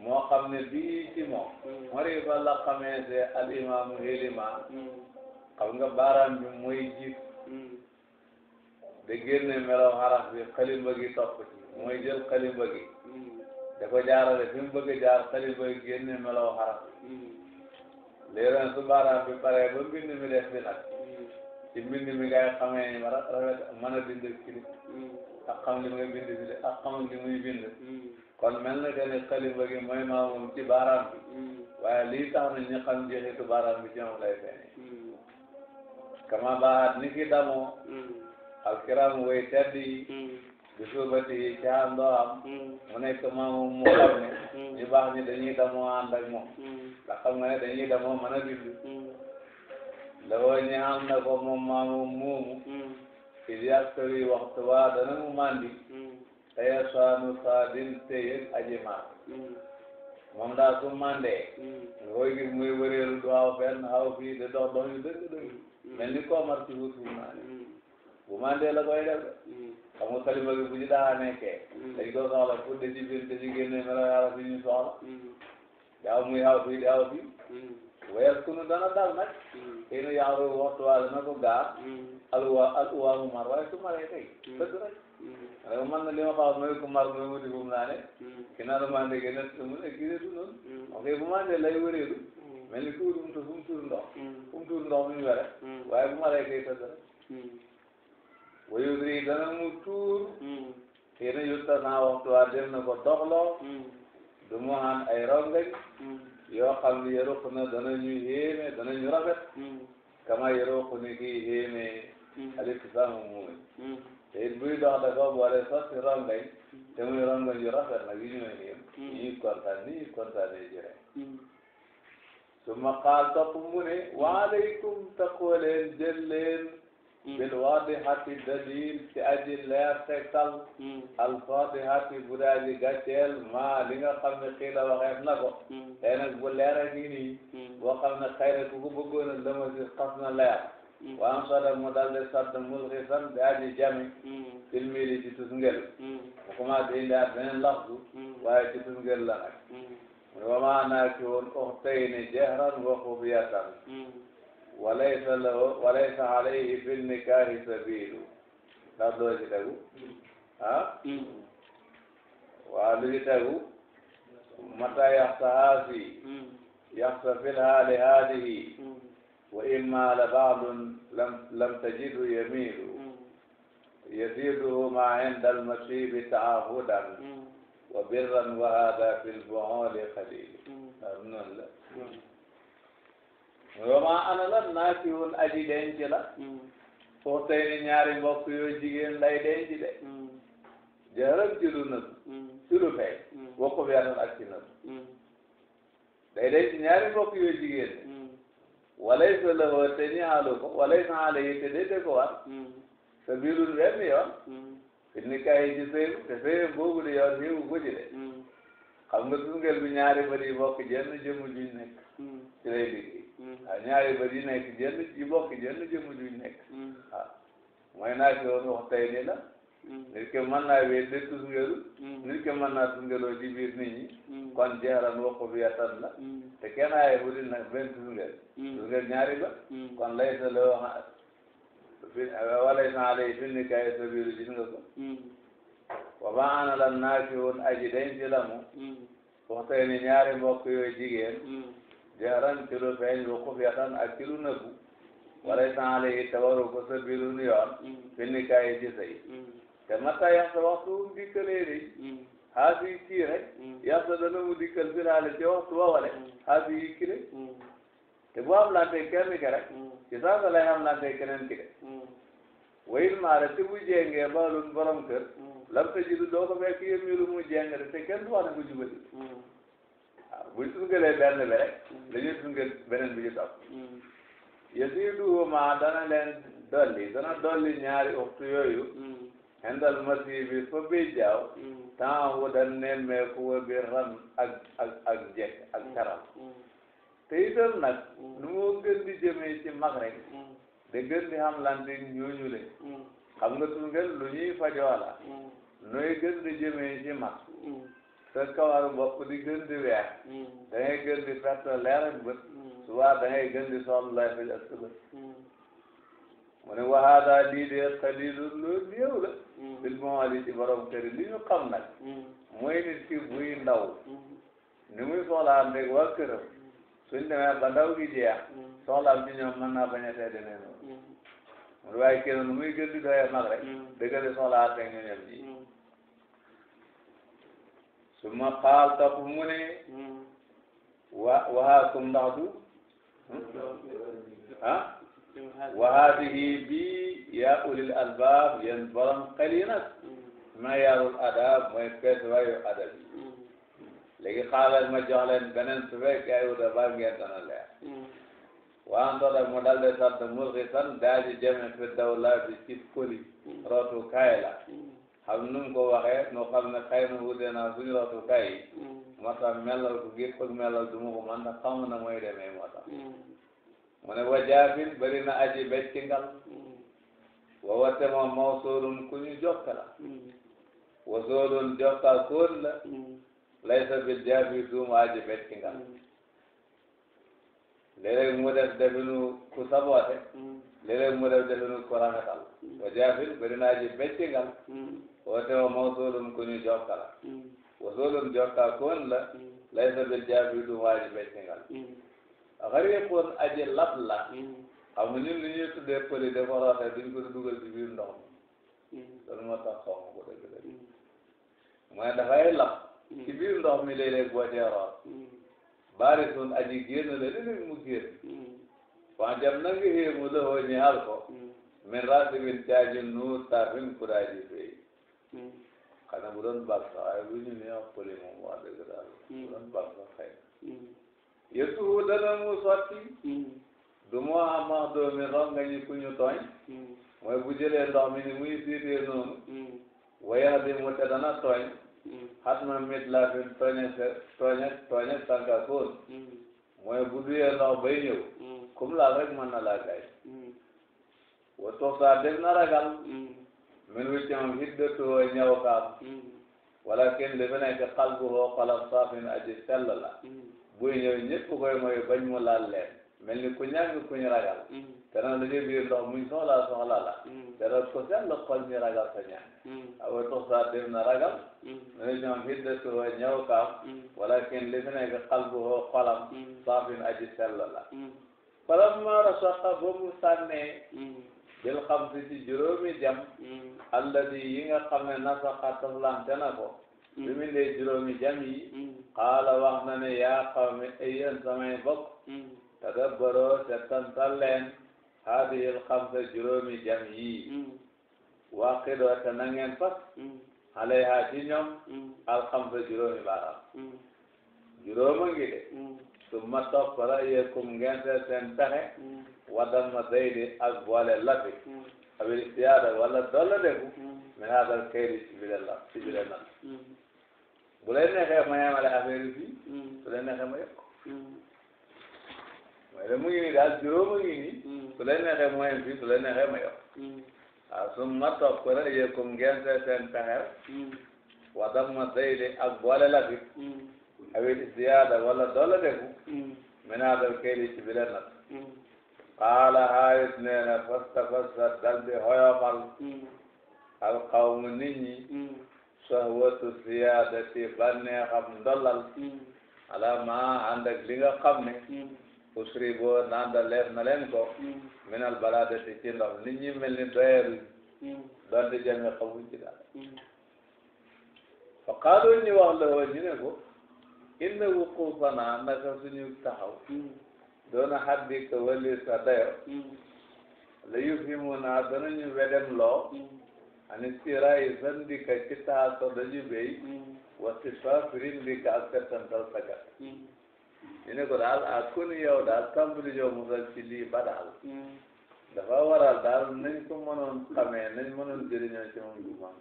moo xam ne bii ci moom mariba la xamee se al imaamu helima xam nga baaraam bi mooy jiit da génne melaw xaraf bi xalimba gi topp ci mooy jël xalimba gi da ko jaarale fi mu bëgg a jaar xalimba gi génne melaw xaraf bi léegi su baaraam bi paree ba mbind mi def bi ci mbind mi ngay xamee ni war a rafet mën a bind ci nit ak xam li muy bind ci ak xam li muy bind mm. kon mel na que ni xalima gi ci baaraam bi mm. waaye lii tax na ñu xam jeexitu baaraam bi ci moom lay mm. kama baat ni ki damoo alkiram way tedd yi bi suubati yi ci àndoo am mu nekk maamum mu xam ne ñu baax ñi dañuy damoo ànd ak moom la xam nga ne dañuy damoo mën a lawoo ñaal na ko moom maamu muumu il yàqtari waxtu waa dana mu mandi taya saanu saadin téyeg aji maa moom daa su mandee nga koy gis muy wëreelu du aw fenn aw fii de dox dox yu dëgg dëgg mel ni koomar ci wutu naa ne bu mandee la koy def xam nga kalima bi bu ci daa nekkee dañ ko soxla pour de ci biir de ci génne melo yàlla fi ñu soxla yaa muy aw fii di aw fii wees ku nu dana dal nag inu mm. yaaru waxtu waa dana ko gaar mm. al waa al waawu mar waaye su maree tey mm. dëgg rek waaye man na li ma xaw mooy ku mar mooy mu digum naa ne ki naa ma ndege ne te mu ne kii de du noonu ok bu ma ndee lay wëreelu mel ni ku wutum te fu mu tuur ndox fu mu tuur ndox mu were waaye bu maree tey dëgg rek wayu dri dana mu tuur inu yutta naa waxtu waa dem na ko doxloo du mu han ay rongañ yoo xam ne yaruq na danañu yéeme danañu rafet hmm. kama yaruq ni kii yéeme hmm. alitisaamu muumi hmm. te it buy dox dafa boole sotti rongañ te muy rongañ yu rafet nag yu ñu yéem yi kontaan ni yi kontaan yi jëre su ma xaal topp mu ne waaleykum takkoo leen bil waadihati dalil ci aji leer tegtal al faadihati bu daa ji gàcceel maa li nga xam ne xii la na ko tey nag leer a ngi nii boo xam ne xëy na ku ko a lëma si xas na leer waa am sada mu daal di sadd mul xisan aji jami filmili ci tusngel bu commencé indi at beneen laxdu waaye ci tusngel la nag mu ne wa maa walaysa lahu walaysa alayhi fi nikaahi sabilu ndax doo ci tegu ah waaw lu ci tegu mata yaxsa haasi yaxsa fil haali haadihi wa imma la baadun lam lam tajidu yamilu yasiduhuma inda almasibi taahudan wa birran wa hada fi lbuholi qalil noonu la vraiment ana lan naa fi woon aji denc la hmm. foofu tey ni ñaari mbokk yoo jigéen lay denc de hmm. jëram ci lu nëb hmm. ci lu fay bokk bi anan ak ci nëb day denc ñaari mbokk yoo jigéen walay sa lëhoo te ñaalu ko walay sa xaale yi te déete ko war sa biirul benn yoon fi nikaay yi ci sëyu te sëyu boobu di yoon niwu ko ci de xam nga sungel bi ñaari bari mbokk jenn jëmu juñ nekk ci lay liggéey ah ñaari bët yi nekk jenn yi bokk jenn jëmm juñ nekk. ah mooy naa ci woon wax tey nii la. Mm-hmm. nit ki mën naa wéy de tusngeelu. nit ki mën naa tusngeeloo ci biir nit ñi. kon jeexalan wax ko bi yatan la. te kenn aaye bu di nag benn tusngeel. tusngeel ñaari ba. kon lay sa loo xam fi wala naa lay fi ni kaay sa biir gis nga ko. wa ba ana lan naa ci woon aji denc mu. wax tey ni ñaari mbokk yooyu jaran ci lu feeñ wa xufyatan ak ci lu nëbbu wala san alayhi sa biirun yoon mm. fi nikaay ci mm. te mata yaxta waxtu um dikkalee de haa mm. si kii rek yaxta dana mu dikkal fi laale ci waxtu wa wale haa si yi kii rek te bu am lante kenn ki rek ci saasa lay am lante keneen te bu jengee baalum borom kër lam te ji du doo ko fekk yëmilu mu jeng de te kenn du waaw bu ñu sungalee benn bi rek dañuy sungal beneen bi ñu topp hmm. yasiidu ma dana leen dolli dana dolli ñaari yooyu xendal hmm. masi bi fa bi jaaw hmm. temps wu dan nemmeeku wa bi ram ak ak ak jekk karam te itam nag nu moo gën di jëmee ci mag de gën di xam lante ñooñu le xam nga sungal lu ñuy fajoola nooy gën di jëmee ci mag sa kawaru bopp di gën di weex hmm. da ngay gën di perte leer ak bët hmm. suba da ngay gën di soxla lay faj ak sëbët hmm. mu ne waxaadaa lii de xalilu lu néew la bil moali ci borom kër li ñu xam nag mooy nit ki buy ndaw ni muy soxlaam ndeg waa këram suñ demee ba ndaw gi jeex soxlaam ci ñoom mën naa bañ a tee demee noonu mu ne waaye kenn nu muy gën di doyee mag rek dëgg di soxlaa teg ñu ñoom ji su ma xaal topp mu ne wa waxaakum ndax du ah wahaadihi bii yaa ulil albaab yéen borom xel yi nag mayaarul adab mooy ma jox leen beneen su fekkee ay wuta ba ngeen dana leer waantoda mu dalde sant mulki san daa ji fi dawla bi ci koli rootu kaay la am nu ko waxee noo xam ne xëy na wuute naa suñu ratukaay mm. moo tax melal ko gépp ak melal du mu ko man na xam na mooy demee moo tax mm. mu ne wajaabin bari na aji becc ngal mm. wa wate moom mawsuulun ku ñu jokka la wa soolun jokka koon la laysa bil jaabi duuma aji becc ngal léeg mu def definu ku saboote léeg-léeg mu def definu ku rafetal wajaabin bari na aji becc ngal woote wa mawsuulun ku ñu jokkala mm. wasuulun jokka koon la mm. laysa bil jaabi du waaji beccingal mm. xariqun aji lab la xam nga ñun li ñuy tuddee pëli da ko roxe duñ ko dugal ci biir ndox mi loolu moo tax xaw ma ko dëgg dëgg mooy dafay lab ci biir ndox mi léeg-léeg boo cee root baarisun aji génn la léeg-léeg mu génn wan jam na nga xéemu lëxoo ñi al ko min raasibin caaji nuur taafin kuraaji fay xanaa bu doon baax sax waaye bu ñu nee xoli moom wax dëgg daal bu doon baax sax xëy na yëtu dana mu sotti du moo amax doomi ronga ñi ku ñu tooñ mooy bu jëlee ndox mi ni muy siitee noonu waya bi mu te dana tooñ xat ma mit laa fi tooñe tooñe tooñe sànka koon mooy bu duyee ndox bay ñëw comme laal rek mën na laa gaañ hmm. wa toog saa dem na ragal min wu ci am hiddatuhoo ñaw kaam walakin li fi nekk xalbuhoo xolab saafin aji sell la buy ñëw ñëpp koy mooy bañ mu laal leen mel ni ku ñàkk ku ñu ragal te nag la ñuy biir ndox muñ soxla soxla la te nag ku sell xol ñu ragal sa ñaan awa tux saa dem na ragal min wu ci am hiddatuhoo ñaw kaam walakin li fi nekk xalbuhoo xolam saafin aji sell la falamma rasaqa ba mu sànnee bil xamsi ci juróomi jam mm. alladi yi nga xam ne nasaxa toflante na ko mm. bi mu dee juróomi jam yi mm. xaala wax na ne yaa xawmi ay yéen samay bokk tadabbaroo settantal leen haadihil xamsa juróomi jam yi waaqidoo te na ngeen fas alayha ci ñoom alxamsa juróomi baaraam juróoma ngi de su ma soppala yeekum ngeen seen seen pexe mm. wadam ma zaydi ak boole labi mm. abil istiyaada wala dolla deku min mm. haadal kaydi ci bile la ci bile nal bu leen neexee ma yemale affaire bi su leen neexee ma yokk mooy la mu ngi nii daal juróom a ngi nii su leen neexee ma yem fii su leen neexee ma yokk waaw ah, su ma soppala yeekum ngeen seen seen pexe wadam ma zaydi ak boole labi awil ziyaada walla dolla degu min hadal kaydi ci bile nat qaala haaris nee na fasta fasta daldi hoyofal al qawmu nit ñi sohwatu ziyaadati bànneexam ndollal ala maa ànd ak li nga xam ne usri boo naan da leef na leen ko min al balaadati ci ndox nit ñi mel ni doyeeru donte jame xamuñ ci dara fa qaalu ñu wax la inna wuqufanaa naka suñu taxaw doona xaddi ka wali sa dayo la yufhimunaa danañu wedem loo ani siraayi sandika ci taxa so dañu béy wasi fa firindika ak settantal sagat ñu ne ko daal ak ku ni yow daal tàmbali yow musal ci lii ba daal dafa waral daal nañ ko mënoon xamee nañ mënoon jëriñoo ci moom du man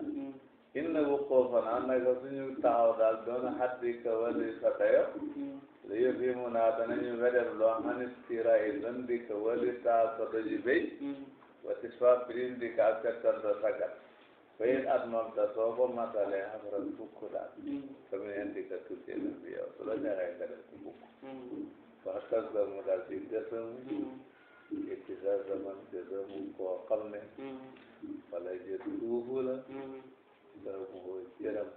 du man inna wuquufanaa naka suñu taxaw daal doon xaddi ka wali sa dayo li yëf yi mu naa danañu wedef loo xam ne tiira yi lëndi ka wali taa sa doji béy wati fa pirin di ka ak settando sagal fayit at moom ta soo ko daal comme ni indi ka tuddee bi yow su la neexee nga def ko fukk wax mu daal di desamu ittisa zaman desamu koo xam ne wala jël duufu la darbo jiram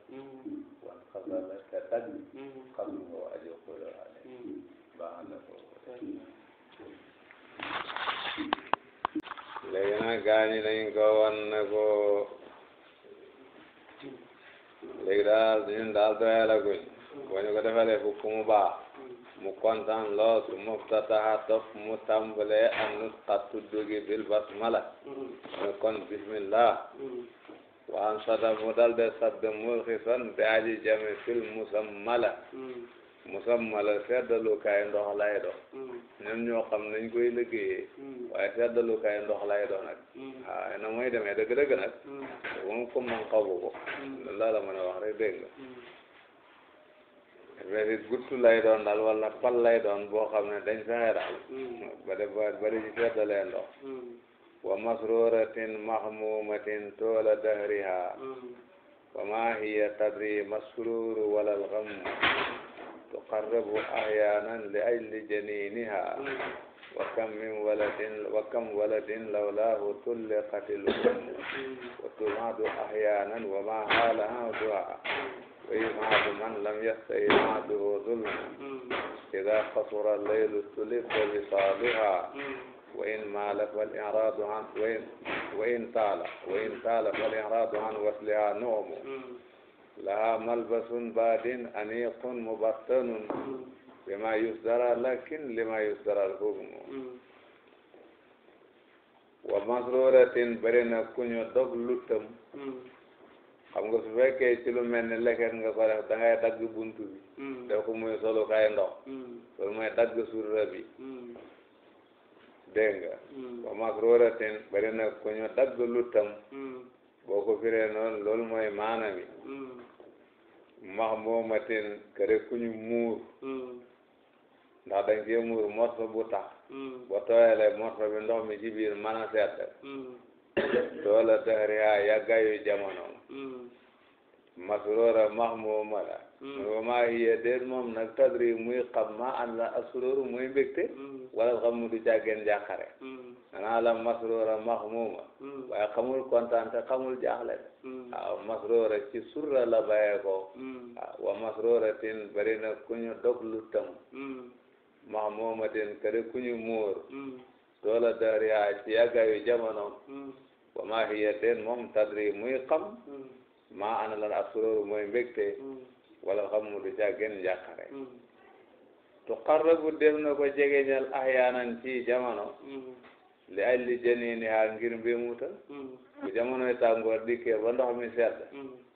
wan kasana ka tagg kam ngo ajo koyo ane baana ko léegi nag gaañi dañ ko wan ne ko léegi daal ñun daal doyalaguñ boo ñu ko defalee fukk mu baax mu kontaan lool su muftataha topp mu tàmbalee am nu xattu dugi bil basmala mu kon bismillah waan sadaf dal de sadda murxisan bi aji jame fil musammala hmm. musammala seddalukaay ndox lay dox hmm. ñoom ñoo xam nañ koy liggéeyee hmm. waaye seddalukaay ndox lay dox nag waaye na mooy demee dëgg-dëgg nag moom ko man xabu ko loolu laa la mën a wax rek dégg nga léegi lay doon daal wala pal lay doon boo xam ne dañ fexe daal ba de ba de ci seddalee wa masruratin mahmumatin toola dahriha wa ma hiya tadri masrur wala algham tuqarrabu ahyanan li ajli janiniha wa kam min waladin wa kam waladin lawlahu tulliqat al-umm wa tu'adu ahyanan wa ma hala aduha wa yum'adu man lam yastahil aduhu zulman idha qasura al-laylu tulibba wisaluha وإن مالت والإعراض عن وإن وإن طال وإن طالت والإعراض عن وصلها نوم لها ملبس باد أنيق مبطن بما يصدر لكن لما يصدر الحكم ومسرورة bëri na ku ñu dog lu tëm xam nga su fekkee ci lu mel ni leket nga ko def da dagg buntu bi def solu kaay ndox loolu dagg surra bi dégg nga hmm. wa makruuratin bari na ku ñu dagg luttam hmm. boo ko firee noonu loolu mooy maana mi hmm. mahmuumatin kare ku ñu muur ndax dañ cee muur morso bu tax boo tooyale morso bi ndox mi ci biir mën a sedd [COUGHS] doola dëhriyaa yàggayu jamono masroora mahmuuma la hmm. wa maa hiya déet moom nag tadri muy xam ma an la asrooru muy mbégte hmm. wala xam mu du jàggeen jàqare hmm. anaa la masroora mahmuuma waaye xamul kontaan te xamul jaaxle waaw masroora ci surra la bàyyee ko wa masroora tin bari na ku ñu doglu tam mahmuuma tin kare ku ñu muur doola dariyaa ci yàggaayu jamono wa maa hiya déet moom tadri muy xam maa ana lan asrooru mooy mbégte mm. wala xamu du ca gën njàqare mm. tu qarrabu def na ko jegeñal ahyaanan ci jamono mm. li aj li janiini ha ngir mbemuta bu jamonoy tàngoor dikkee ba ndox mi sedd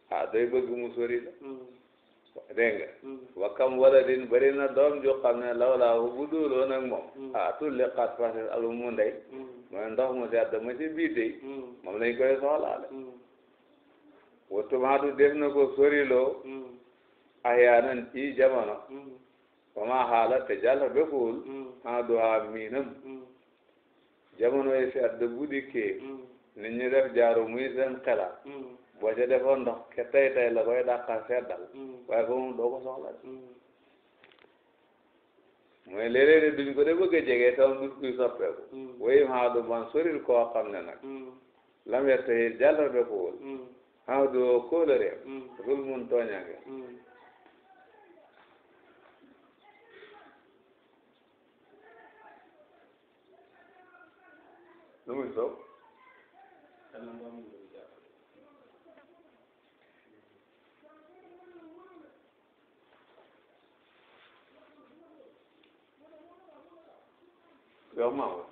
ah doy bëgg mu sori la dégg nga wa kam waladin bari na doom ju xam ne lawlaa ah tulli xat fasil alu mu ndey mooy ndox mu sedd ma ci biir wattumaatu def na ko soriloo ahyaanan ci jamono wa ma haala te jàll bekkuwul haa du haa miinam jamono yi sedd bu dikkee nit ñi def jaaru muy seen xelaat boo ca defoon ndox ke tey tey la koy dàqa seddal waaye ko moom doo ko soxla de mooy léeg-léeg de bëgg jege tam du kuy soppeeku wayim haa du man soril koo xam ne nag lam yette yi xaw du woo kóolóoreem zulmun tooñaange lu muy sow yow maa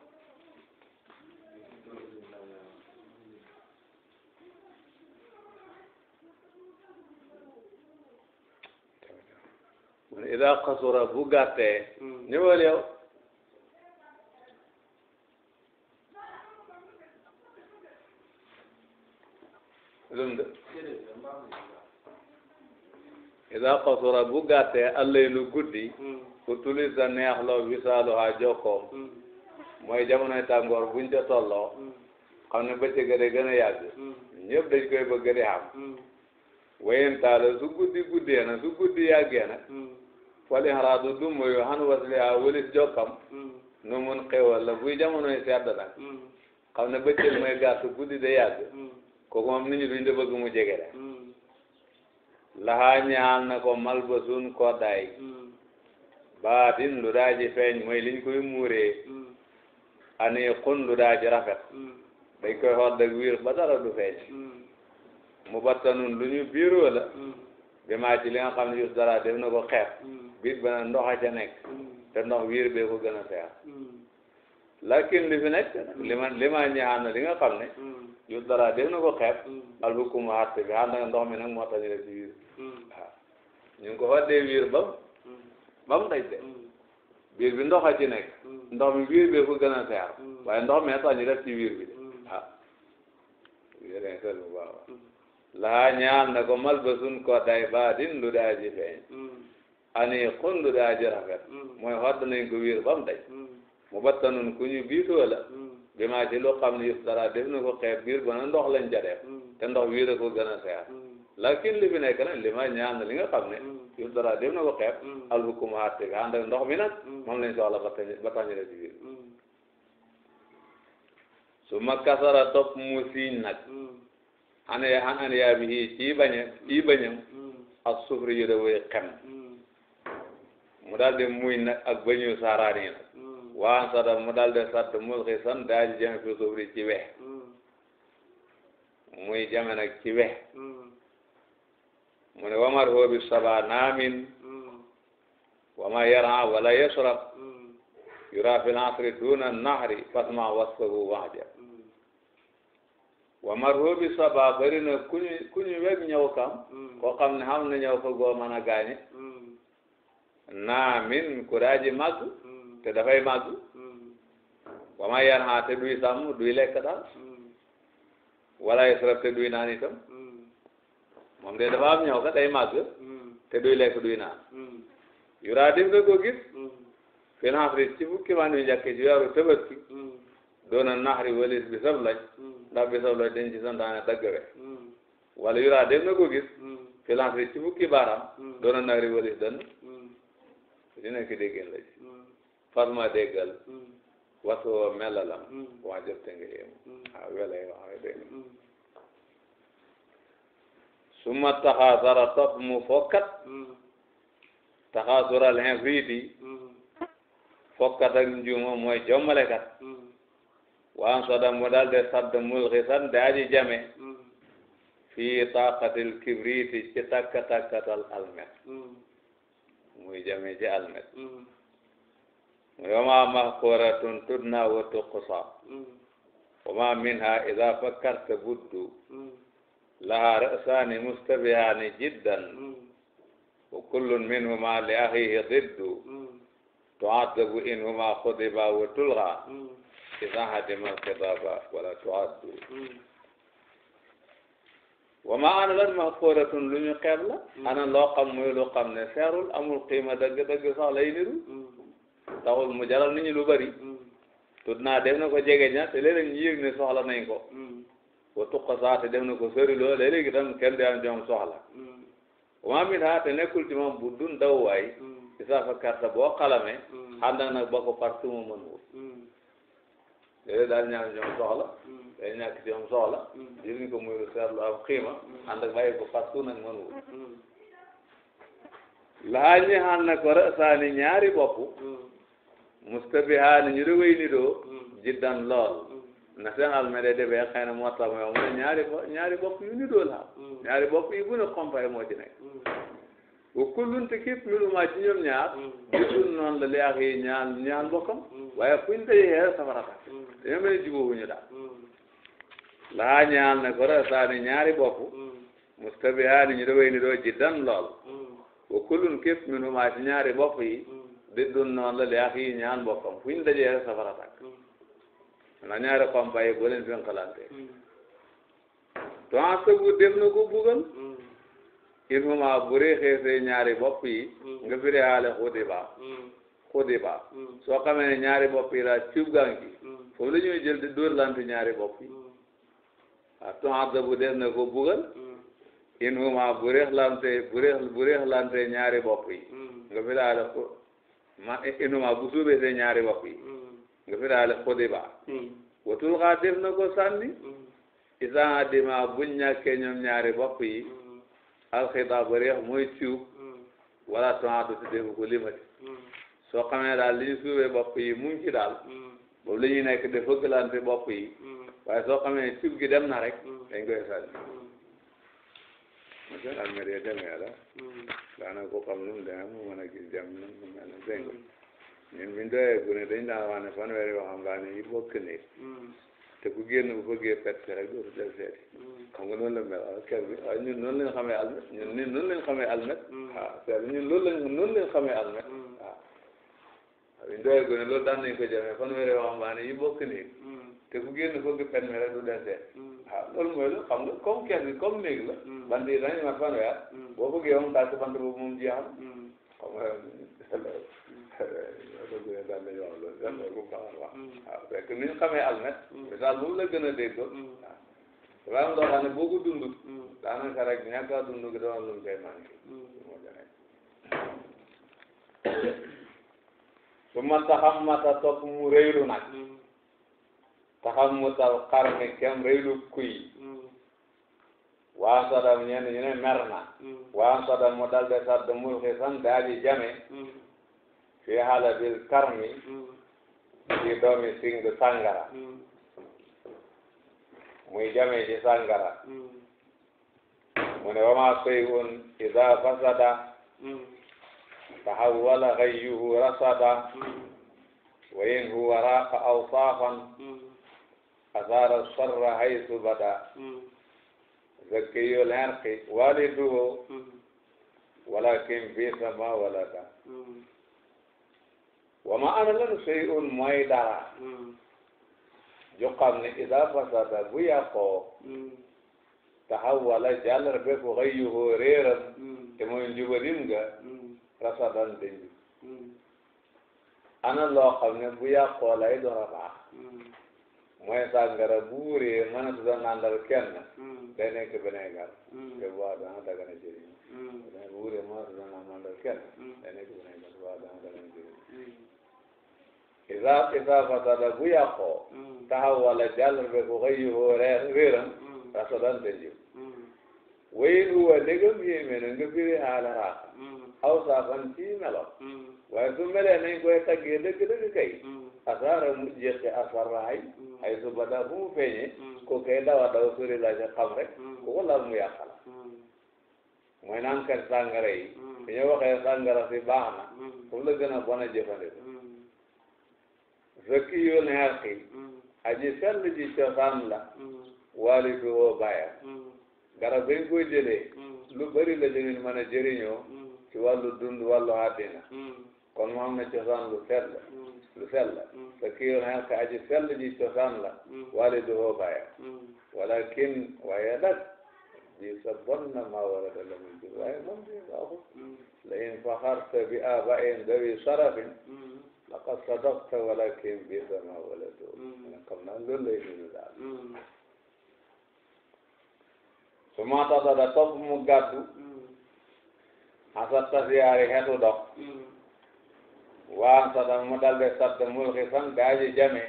ida xasura bu gàttee ñëwal hmm. yow lum de ida xasura bu gàttee allaylu guddi ku hmm. tulis da neexloo wisaalu ha jokkoom hmm. mooy jamonoy tàngoor buñ ca tolloo xam ne bëccëg day gën a yàgg ñëpp dañ koy bëgg di xam wayen taala wali haraadu du mooy han wasliha walis jokkam nu mun xewal la buy jamonoy sedd nag xam ne bëccëg mooy gàtt guddi de yàgg kooku moom nit ñi duñ da bëgg mu jege rek laxaa ñaal na ko malbasun koddaay baatin lu daa ji feeñ mooy liñ koy muuree ani xun lu daa ji rafet dañ koy xool dëgg wiir mu battanun lu ñu biiroo la bi maa ci li nga xam ne yus dara def na ko xeet hmm. biir beneen ndox a ca nekk hmm. te ndox wiir bee ko gën a seer hmm. lakin li fi nekk li ma li ma ñaan na li nga xam ne yus dara def ko xeet alhukumu àtte bi ànd ndox mi nag moo tax ñu def ci wiir waaw ñu ngi ko faddee wiir ba ba mu daj de bi ndox a ci nekk ndox mi wiir bee ko gën a seer waaye ndox mi tax ñu def ci wiir bi de waaw ah. laha ñaal na ko malbasun ko day baadin lu daa ji feeñ mm. ani xun lu daa ji rafet mm. mooy xodd nañ ko wiir ba mu daj mm. mu battanun ku ñu biitoo la bi maa ci lu xam ne yus dara def na ko xeeb biir ba na ndox te ndox wiir a ko gën lakin li fi nekk nag li ma ñaal na li nga ne yus dara def na ko xeeb albukum hatti ndox mi nag moom lañ soxla ba tàññale ci biir su ma kasara nag an ya an an yaa bi ci bañam ci bañam mm. ak sufri yu da way xem mm. mu daal muy ak bañu saaraani nag mm. waan sada mu daal sadd mul xisan daa fi sufri ci wex muy jame nag ci wex mu ne wamar hoo bi saba naamin wama yara wala yasrab yura fi l asri duna nahri fasma wasfahu waxja wamar roobi saba bari na ku ñu ku ñu weg ñëw kam hmm. koo xam ne xam na ñëw ko goo mën a gaañe hmm. naa min ku daaji màgg hmm. te dafay màgg wama yan ha te duy sàmm duy lekk daal wala yasrab te duy naan itam moom de dafa am ñëw ka day màgg te duy lekk duy naan yuraa dim nga ko gis fin hafri ci fukki fan yu njëkk ci weeru tëbaski doona naxari walis bi sab lañ ndax bi soxla dañ ci santaane dagg hmm. wala yuraa dem na ko gis hmm. filanc ci fukki baaraam hmm. doona nag rivalis dënn li nekk déggéen la ci fasma déggal wasoo melalam waa jëfte nga yéemu ah welay waxe dégg suma taxaasara topp mu fokkat taxaasural hin fiiti fokkat ak njuuma mooy jommalekat waan soda mu daal de sadd mulxisan daa ji jame fii taqatil kibriti ci takka takkatal almet muy jame ci almet yoma mahkuratun tudna wa tuqsa wama minha ida fakkarta buddu laha rasani mustabihani jiddan wa kullun minhuma li axihi diddu tuadabu inhuma xudiba wa tulxa إذا هدم الخضاب ولا تعد وما أنا lan maxxuuratu lu ñu xeeb la. ana loo xam muy lu xam ne seerul amul xiima dëgg-dëgg sax lay niru. taxul mu jaral nit ñu lu bari. naa def na ko jege ña te léeg-léeg ñu yëg ne soxla nañ ko. wa tuqa saa te na ko sori loo léeg-léeg itam kenn du am jom soxla. wa min ha te nekkul ci moom bu dun daw waay. ci saa fa boo xalamee. ànd ak ba ko parce que mu mën léeg-léeg daal ñaari ñoom soxla day ñàkk ci ñoom soxla jëriñ hmm. ko muy lu seer lu am xiima hmm. ànd ak bàyyi ko fàttu nag mënu ko hmm. laa ñi xaan na ko rësaani ñaari bopp mustabihaani ñu di wéy ni doo jiddan lool na seen al me day defee xëy na moo tax mooy ñaari ñaari bopp yu ni doo la ñaari bopp yi bu ne compay moo ci nekk wa kullun te képp minu maa ci ñoom ñaar mm. gisul noonu la li yi ñaan ñaan mbokkam mm. waaye fuñ dajee xeer safara tax mm. dañoo mel ne jubóowuñu daal laa ñaan na ko rasaani ñaari bopp mustabihaani ñu daway ni doo jiddan lool wa kullun képp minu maa ci ñaari bopp yi gisul noonu la li ak yi ñaan mbokkam fuñ dajee xeer safara tax na ñaari combat yi boo leen fenqalante to en ce def na ko bugal irhuma bu réexeesee ñaari bopp yi mm. nga firi haale xudiba mm. xudiba mm. soo xamee ne ñaari bopp yi la cuub gang gi foofu la ñuy jël di dóor lantu ñaari bopp yi waaw ah, ton addabu def na ko bugal irhuma bu réex lante bu réex bu réex lante ñaari bopp yi nga firi haale xu ma irhuma bu suubesee ñaari bopp yi nga firi haale xudiba watul xaa def na ko sànni isaan addima buñ ñàkkee ñoom ñaari bopp yi alxidaab ba réex mooy ciw mm. wala temps du tuddee ko limati mm. soo xamee daal li ñu suubee bopp yi mu ngi daal mm. boobu li ñuy nekk di fëggalante bopp yi waaye soo xamee ciw gi dem na rek dañ koy sànni monsieur Amady demee la daanaka ku xam nu mu demee mu mën a gis jàmm nu mu mel ne dégg nga ñun biñ doyee gune dañ daan wax ne fanweeri waxam laa ne yi bokk nii te ku génn bu bëggee perte rek dootu dem seeti xam nga noonu la mel waaw ah, ker bi waaw ah, ñun noonu lañ xamee almet ñun ñun noonu lañ xamee almet waaw hmm. ah, ker bi ñun loolu lañ noonu lañ xamee almet waaw hmm. waaw ñu doyee gone daan nañ ko jamee fanweeri waxambaane yi bokk néeg hmm. te ku génn bëgg perte rek du dem seeti waaw loolu mooy la xam nga comme ker bi comme néeg la bant yi dañuy mat fanweer boo bëggee moom tàkk bant boobu moom jeexal xam [LAUGHS] dëgg daal nañu wax loolu daal nañu ko baax a wax. waaw fekk ni ñu xamee almet. misaal bu mu la gën a dégg. waaw dafa am loo xam ne boo ko dund. daanaka rek ñàkk a dund gi ma taxam ma ta topp mu réylu nag. taxam mu tal xar mi kem réylu kuy. ne mer na. waa sadam mu de sàdd mul xisan jame. fi halatil karmi ci doomi sing sangara muy jame ci sangara mu ne wama shay'un idha fasada tahawwala ghayyuhu rasada wa in huwa raqa awsafan asara sarra haythu bada zakkiyul harqi waliduhu walakin bisa ma walada wa ma ana lan shay'un mooy dara hmm. ju xam ne ida fasada bu yàqoo hmm. taxawala jàllar be ko xayyuhoo réeram hmm. te mooy njubalim nga rasadan de njub ana loo xam ne bu yàqoo lay doon a baax mooy sàngara bu wuree mën a tuda nàndal kenn day nekk vinaigre te bu waa dana dagana jëriñ bu wuree mën a tuda nàndal kenn day nekk vinaigre bu waa dana dagana jëriñ isa isa fasada bu yàqoo taxaw wala jàll be ko xëy yóboo reer réeram mm. rasadan te jiw mm. wayin huwa ndegam yéeme na nga biri xaala raaka mm. aw ci melo waaye su melee nañ koy taggee dëgg dëgg kay asaara mu jeexi asarraay ay su bada fu mu feeñee ko kay dawa daw sori la ci xam ku ko laal mu yàqala mooy naan kat sàngara yi su ñu waxee sàngara si baax na la gën a bon zaki yu ne xaqi mm. aji sell ji cosaan la mm. waalidu woo bàyyam mm. garab bañ koy jëlee lu bëri la ju nit mën a jëriñoo ci wàllu dund wàllu àddina kon mu na cosaan lu sell lu sell zaki yu ne xaqi aji sell ji cosaan la waalidu woo bàyyam walakin waaye nag ji sa bon na maa war a dala muy jur waaye moom ji baaxul la in faxarta bi aba'in dawi sarafin laqad sadaqta walakin bi'sa ma waladu xam naa loolu lay nuyu daal su ma tasa da topp mu gàddu asat tasiyaari xetu dox waa sada mu dalde sadda mulki fan gaaji jame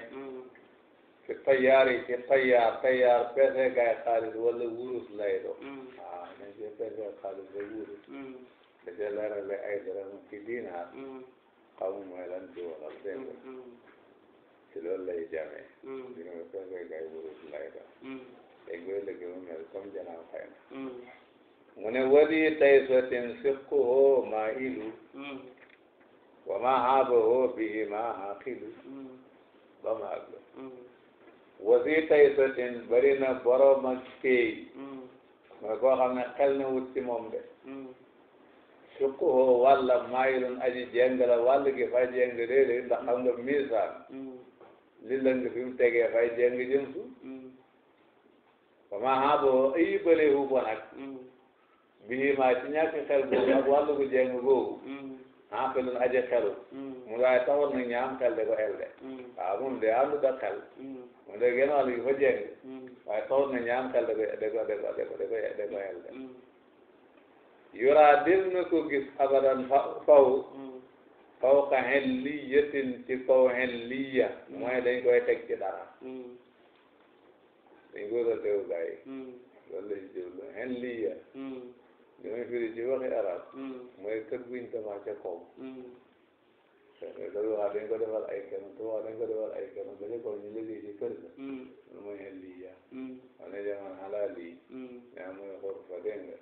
ci tayyaari ci tayyaar tayyaar peese gaay xaalis wala wurus lay do ah ne ci peese xaalis ba wurus da cee leerale ay dara mu ci diinaar xamu mooy lan ci wolof dégg nga mm-hmm. ci loolu lay jamee mm-hmm. di nga fexe gay wurus lay ba mm-hmm. léegi booy lëgg mu mel comme janaaw xëy na mu ne wali tay sotin siqquhu maa ilu wa maa haabahu bihi maa haqilu ba ma àgg wasi tay sotin bari na borom ak kéy mooy koo xam ne xel na wut ci moom de sukkuhu walla maayilun aji jeng la wàll gi fay jeng léeg-léeg ndax xam nga misaan mm. li lëng fi jeng jëm suuf ba mm. maa xam boo wu ko nag mm. bii maa ci ñàkk xel boobu ak jeng boobu ah fi mu aji xelu mu laay taxoon nag ñaam xel de ko xel de waaw moom de àndu da xel mu de genn wàll gi fa jeng waaye taxoon na ñaam xel de ko de ko de ko de ko de ko yura dil na ko gis abadan faw mm. faw ka hen liyatin ci kaw hen liya mm. mooy dañ koy teg ci dara mm. dañ ko doon teew gars yi loolu lañ jël liya li may firi ci waxi arab mooy kër guñ tamaa ca kaw loolu wax dañ ko defal ay kenn tu wax dañ ko defal ay kenn ba ñu ko ñu liggéey ci kër ga loolu mooy hadiya wane jaman xalaali yaa mooy xor fa dégg nga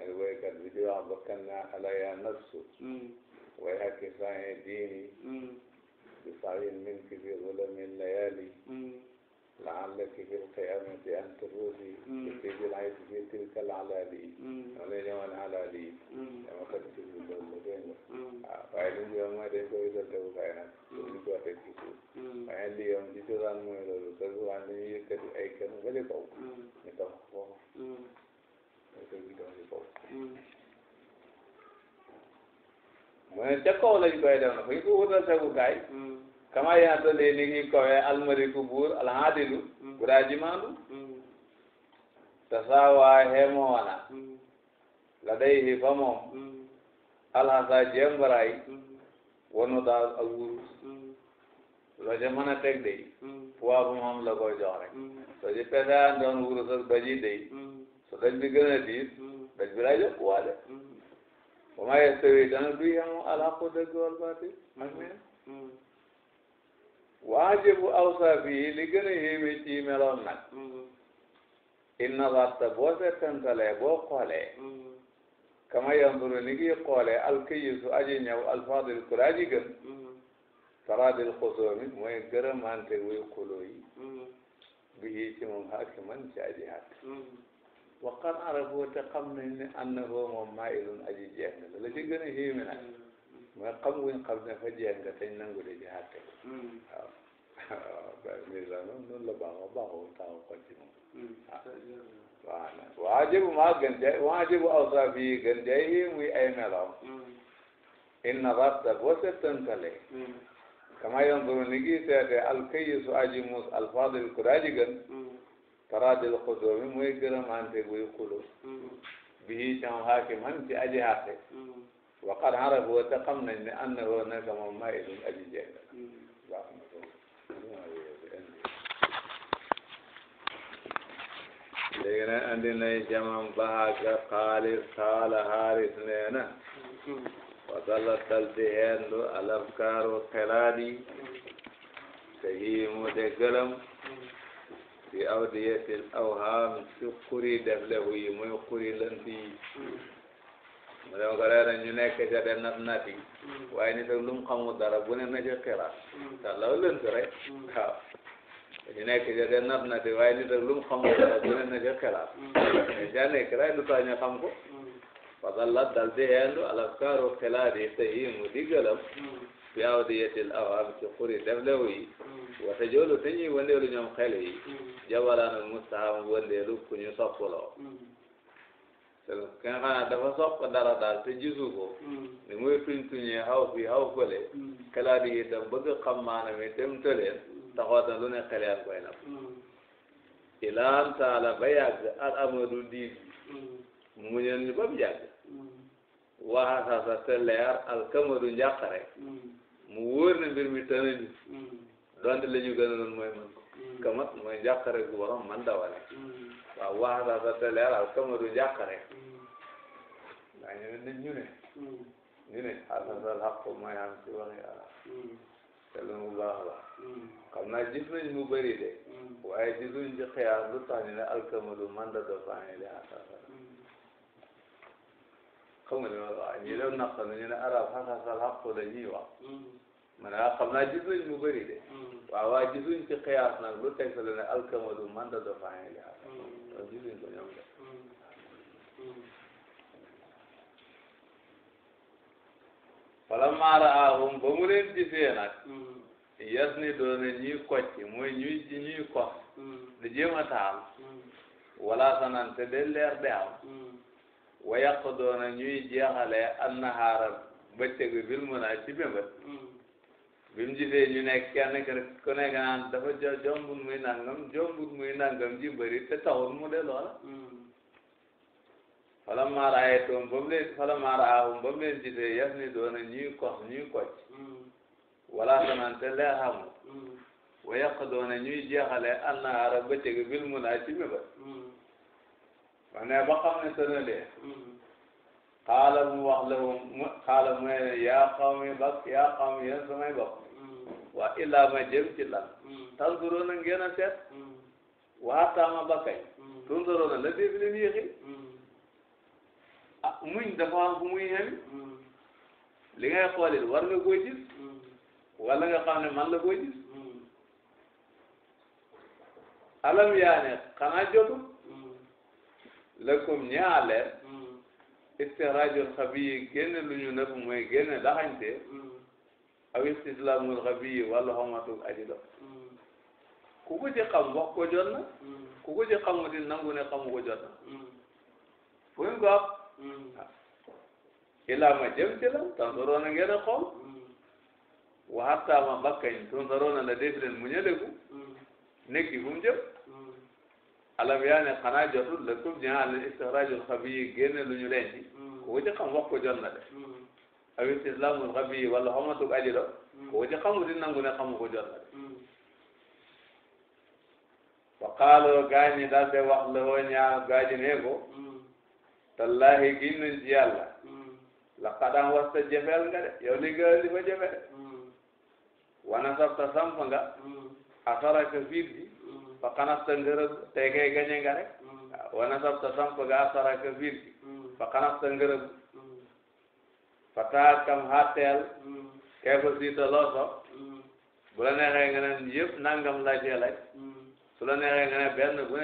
ak woykat bi di wax bakkan naa ala ya nafsu way hakki saa diini bi saxin min kibi wala min layali laalla ki fil qiyamati an turuudi fi julaayit fi tilka lalaali noonu la ñëwoon alaali yi dama ko ci lu doon la dégg nga waaw waaye li ñu yoon mooy dañ ko wisal tegukaay nag ñu ko teg ci suuf waaye li yoon ci cosaan mooy loolu tegukaay dañuy yëkkati ay kenn bële kaw ñu tabax foofu ñu teg ci doon kaw mu ne ca kaw lañ koy def nag fu ñu ko wutal tegukaay kama yaatale ni ngi kowe almariku buur alhaadilu guraaji mm. maandu mm. tasaawa hemowana mm. ladayhi fa moom alhasa jembaray wonu daal ak wurus loo ca mën a teg day poids bu moom la koy jox rek soo ci pesaan doon wurus ak doji day so doj bi gën a diis doj bi lay jox poids de bu ma yestawi dana du yemu alhaqu dëgg wal baati ak meen waajibu awsaafi yi li gën a yéeme ci meloon nag inna latta boo settantalee boo xoolee kama yamburu ni ngi xoolee alkayisu aji ñëw alfadil ku aji gën taradil xosoomi mooy gërëmante wuy xuloo yi bi yi ci moom hakiman ci aji hat waqan araboo te xam nañ ne annahu moom mailun aji jeex na la ci gën a yéeme nag mooy xam wuñ xam dafa jeng te ñu nangu di ci àtte waaw waaw Mirza moom noonu la baaxoo baaxoo taxaw ko ci moom waaw hmm. ah. waa jibu maa gën jay waa jibu awsaaf yi gën jay yi muy ay meloom hmm. inna ratta boo settantale hmm. kama yanzuru ni gi seete alkayisu aji muus alfadil ku daaji gën taradil xudoomi muy gërëmante guy xulo bii cam xaakiman ci aji àtte waqad arafu te xam nañ ne annahu naka moom maa idun aji jeex la léegi nag andi nañ jamam bahaga xaalis xaala xaalis nee na wasalla talti heendu alafkaaru xelaat yi te yii mu de gëlëm fi awdiyatil awhaam ci xuri deflehu yi mooy xuri lënt mu dem ko ñu nekk ca de nat nati waaye ni tag lu mu xamul dara bu ne na ca xiraat te law lënt rek waaw ñu nekk ca de nat nati waaye ni tag lu mu xamul dara bu ne na ca xiraat mais ca nekk rek lu xam ko fadallat dal di hendu alaskaaru xilaat yi te yi mu diggalam fi awdiyatil awaam ci xuri deflewu yi wata joolu te ñuy wëndeelu ñoom xel yi jabalaan mustaham wëndeelu ku ñu soppuloo c'est que nga xam dafa sopp dara daal te gisu ko hmm. ni muy tuñ tuñee xaw fii xaw fële xelaat hmm. yi itam bëgg xam maanaam itam tëleen hmm. taxaw na lu ne xelaat koy nap ilaan taala ba yàgg al amadu diig mu muñal ñu ba mu yàgg waxasasa te leer al kamadu njàq mu wóor na mbir mi tënañu donte la ñu gën a noonu mooy kamat mooy njàq rek gu borom man dawale waaw waxasasa te leer al kamadu njàq ñu ne hmm. ñu ne ñu ah, ne xaasasal xaqu mooy am ci waxi arab hmm. te lu mu baax la hmm. xam naa gis nañ mu bëri de waaye gisuñ ci xiyaas lu tax ñu ne alkamalu manda do fani li xaasasal xam nga li ma wax ñi doon naq na ñu ne arab xaasasal xaqu la ñuy wax ma ne ah, xam naa gisuñ mu bëri de waaw waaye gisuñ ci xiyaas nag lu teg la ne alkamalu manda do fani li xaasasal gisuñ ko ñoom de wala raahum ba mu leen gisee nag mm. yas ni doone ñuy kocc mooy ñuy mm. di jéem a taal mm. wala sanante de leer de am wa yàq doona ñuy jeexalee annahaara bëccëg bi bil mun a ci bémbët bi mu gisee ñu nekk kenn ku nekk naan dafa jo muy nangam jombul muy nangam ji bëri te taxul mu de loola fala maara ay toom ba leen fala maara ahum ba mu leen gisee yas ni doona ñuy kos ñuy kocc wala sanante lee xamul wa yàq doona ñuy jeexale annaara bëccëg bil mun a ci mébat ma ne ba xam ne sëna lee xaala mu wax la mu xaala mu yaa xawmi bak yaa xawmi yéen samay bokk waa illaa ma jëm ci lan tanzuroona ngeen a seet waa taama ba kañ tunzuroona la déf leen yéexi mu ah, muñ dafa am fu muy xewi hmm. li ngay xoolit war nga koo gis hmm. wala nga xam ne man la koo gis hmm. alam yaane xanaa jotul lakum ñaaleen istiraajul xabiyi génne lu ñu nëpp mooy génne daxante aw istidlaamul xabiyi wala xomatul aji dox ku ko ci xam wax ko jot na ku ko ci xamuti nangu ne xamu ko jot na fu ko Mm. ilaa ma jëm ci la tanzuruna ngeen a xool mm. wa hatta ma bakkañ tanzuruna la def leen mu ñëleku mm. nekki fu mu jëm alam yaa ne xanaa jotul la kum ñaa la istihrajul xabiyi génne lu ñu leen ci ko wuci xam wax ko jot na de aw istislamul xabiyi wala xamatug aji do ko wuci xamu di nangu ne xamu ko jot na de wa qaaloo gaañi daal de wax la woo ñaa gaañi nee ko tallaahi giñ nañ ci yàlla hmm. la xadam wasta jëfeel nga de yow li nga li fa jëfe de hmm. hmm. nga asaraka fiit gi fa xanasta ngërëb tey nga rek wana sabta nga asaraka fiit gi fa xanasta ngërëb fa taa kam xatteel kee ko siita looso bu la neexee nga ne yëpp nangam la jee lay su la neexee nga ne benn bu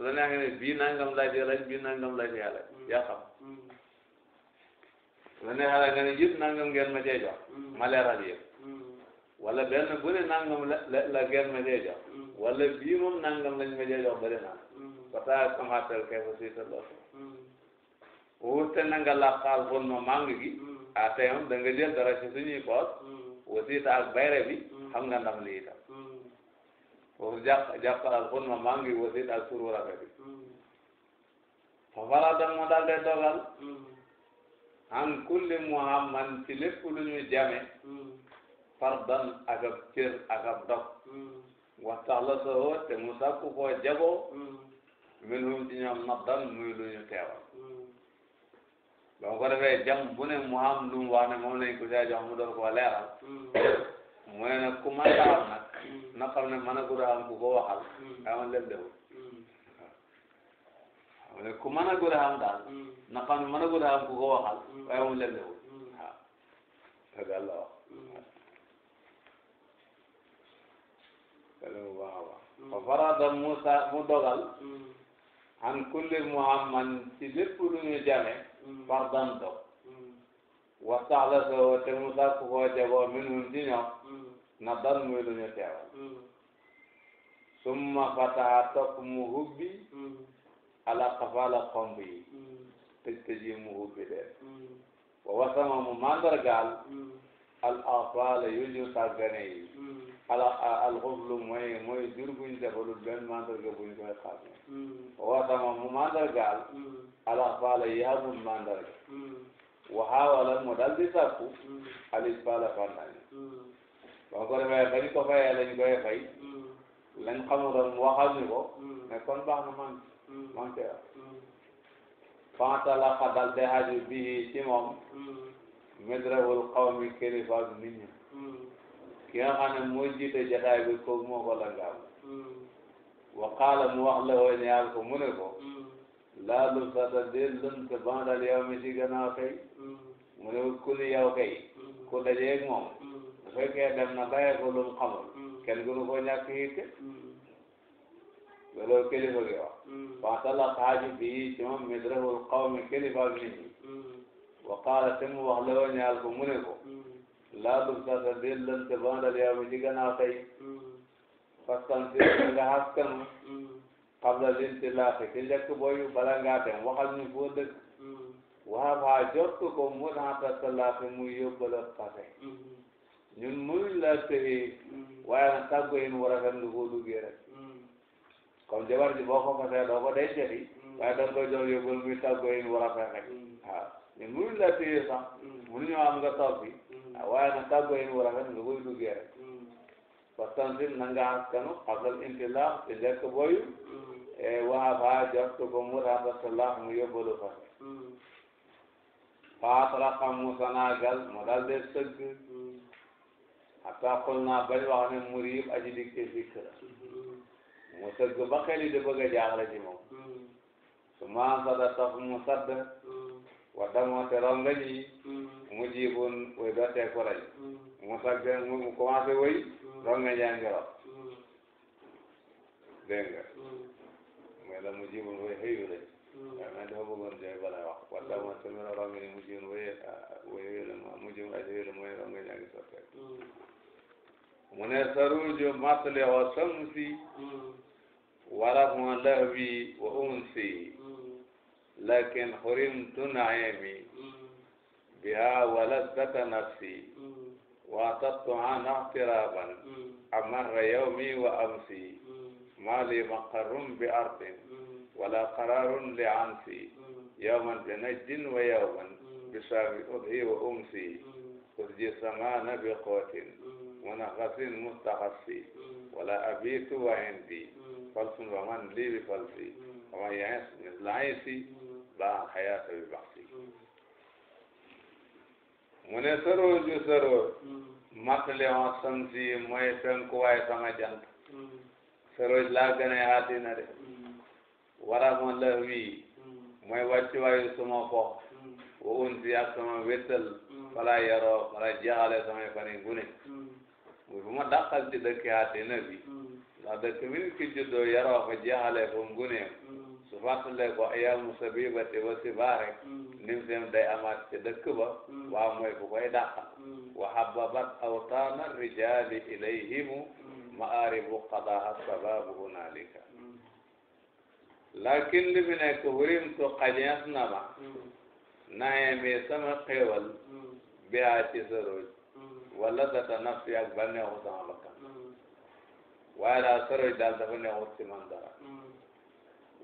su la ne bii nangam laa ci laaj bii nangam laa ci laaj mm. yaa xam mm. su la neexee nga ne yëpp nangam ngeen ma cee jox mm. ma leeral yëpp wala benn bu ne nangam la la ngeen ma cee jox wala bii moom nangam lañ ma cee jox bëri naa pataa samaatal kay fa siita loolu wuute na nga laqaal fon ma màng gi ah tey moom da nga jël dara ci suñuy poos wasiita ak bayre bi xam nga ndam li oo jàpp jàppalal xun ma maa ngi wasi daal tur wu rafet fafara da mu daal di dogal an kulli muhamman ci lépp lu ñu jame fardan ak ab cër ak ab dog waxtax la soo te mu sàkku koo jaboo min hum ci ñoom lu ñu teewal ba mu ko defee jam bu mu am lu mu wax ne moom lañ ko saa mu doon koo leeral mu ne nag ku mën taxaw nag na xam ne mën a gudd a ku ko waxal xamal leen deful mu a gudd a am na xam ne mën a gudd a ku ko waxal waaye moom leen deful waaw dëgg la wax dëgg bu baax a baax mu dogal an kulli muhamman ci lépp lu ñu jame mm. fardan dog wasax la soo mu sàkku koo jaboo minhum ci ñoom hmm. na dan muy lu ñu teewal hmm. summa fataha topp mu hubbi hmm. ala xafala xomb yi tëj tëj yi mu wasama mu mandargaal al afala yu ñu sàggane yi ala al xuflu mooy mooy jur guñ defalul benn mandarga buñ koy xàmme wa wasama mu mandargaal al afala yaamul mandarga waxaawalan mu daal di sàkku mm. alis bala fànnañ mm. boo ko defee bañ ko fayee lañ koy fay mm. lañ xamuloon mu waxal ñu ko ne kon baax man man ci fantala xa dal de haju bii ci moom medrewul xawmi kilifa nit ñi ki nga xam ne mooy jiite jataay bi kooku moo ko la ngaam wa qaala mu wax la woo ñaar ko mu ne ko laa lu fata del lënt bandal yow mi si gannaaw mu ne kuli yow kay ku dajeeg moom bu fekkee dem na bàyyi ko lu mu xamul kenn gënu ko ñàkk yitte loolu kilifa gi wax faatala xaaju bii ci moom midrahul qawmi kilifa bi nit ñi wa qaala te mu wax loo ñaal ko mu ne ko laa lu fata del bandal yow mi si gannaaw kay fastan si nga xaskanu qabla lintilaaxi ci njëkk booyu bala ngaa dem waxal ñu foo dëkk mm-hmm. waa faa jot ko mu naata talaaxi mm-hmm. muy yóbbala pase ñun mënuñ laa tëxee mm-hmm. waaye nag tàggo yin war a fen lu koo duggee rek comme jabar ji boo ko fasee doo ko dencati waaye da nga koy jox yóbbal muy tàggo yin war a fen rek waaw ñun mënuñ laa tëxee sax mënuñoo am nga toog bi waaye nag tàggo yin war a fen nga koy duggee rek fastanzir na nga askanu xablal intilaax ci njëkk booyu mm. eh, waa baa jox ko ba mu rabatalaax mu yóbbalu fa faatraqa mm. mu sanaagal mu dal de sëgg mm. hatta xul naa bañ wax ne murib aji dik mu sëgg ba xel yi di bëgg a jaaxle ci moom su ma te rongañ yi mu jiibun way dooteeku raj mu sagg mu commencé wëy loolu nga jàngi rob dégg nga mooy la mu jiwoon way xëyu lañ waaye man dafa bëggoon jooy bala ah, ma tamit ronge ni mu jiwoon way way xëyu la mu jiwoon ay xëyu la mooy loolu nga jàngi sottee mu ne saruju matli wa samsi wara mu lahwi wa unsi lakin xurim tu naemi biha wala data nafsi waatattu an ixtiraaban amarra yawmi wa amsi maa li maqarrun bi ardin wala qaraarun li ansi yawman bi najdin wa yawman bi saami udhi wa umsi urji samaana bi qootin munaqasin mustahassi wala abitu wa indi falsun wa man li bi falsi wa man yaes misla aysi baa xayaata bi baxsi mu ne saroor ju saroor hmm. matleon samsi mooy fenkuwaay sama jant hmm. saroor laa gane àddina de hmm. warama lahwi mooy wàccuwaayu suma fo wa unsi ak sama wéttal fala yaroo fala jaxale samay fani gune muy bu ma dàqal ci dëkki àddina bi ndax dëkk mi nit ki juddoo yaroo fa jaxale fa nguneem su fàttalee ko ayaamu sabibati wa sibaare mm. lim seen day amaat ci dëkk ba mm. waa mooy bu koy dàqal mm. wa hababat awtaana rijaali ilayhimu maaribu qadaha sababu hunalika lakin li fi nekk hurimtu xañees na ma naemi sama xéewal bihaa ci soroj wala data nafsi ak ba neexu sama bakkan waaye daal soroj daal dafa neexut ci man dara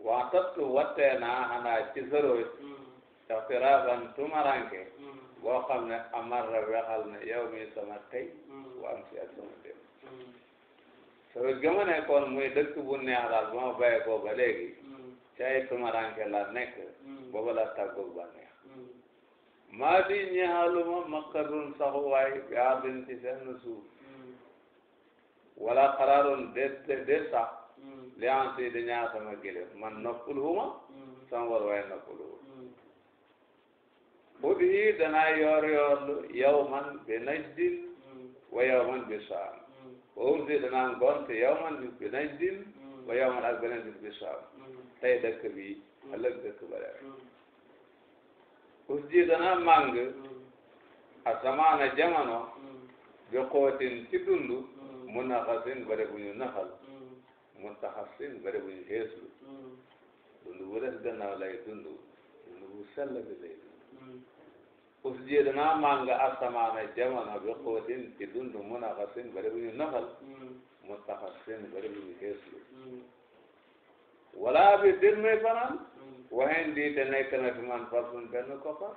waxtattu wattee naa xanaa ci sëroj taxtiraaban tumaranke boo xam ne amarra wexal na yow mi sama tey wa am si ak sama dem sëroj ga ma nekkoon muy dëkk ma bàyyi ko ba léegi ci ay tumaranke la nekk booba la tàggoog ba neex maa di ñeexaluma makkarun saxuwaay bi ardin ci seen suuf wala xaraaroon déet déet Hmm. li am si di ñaar sama gélém man noppul huma hmm. sama war waaye noppul huma hmm. xut yi danaa yoor yoorlu yow man bi najdin wa yow man bi saam xut um yi danaa ngoonte yow man bi najdin wa yow man ak beneen bis bi saam tey dëkk bi ëllëg dëkk ba rek xut yi danaa màng asamaana jamono bi xootin ci dundu mu naxasin bare bu ñu naxal mutaxassin bare bu ñu xeeslu dund bu des gannaaw lay dund bu sell bi lay dund us jee dangaa màng asamaana jamono bi xóotin ci dund mun a xasin bare bu naxal mutaxassin bare bu ñu wala bi dir may fanaan waxeen di te nekk na fi man fasun benn koppar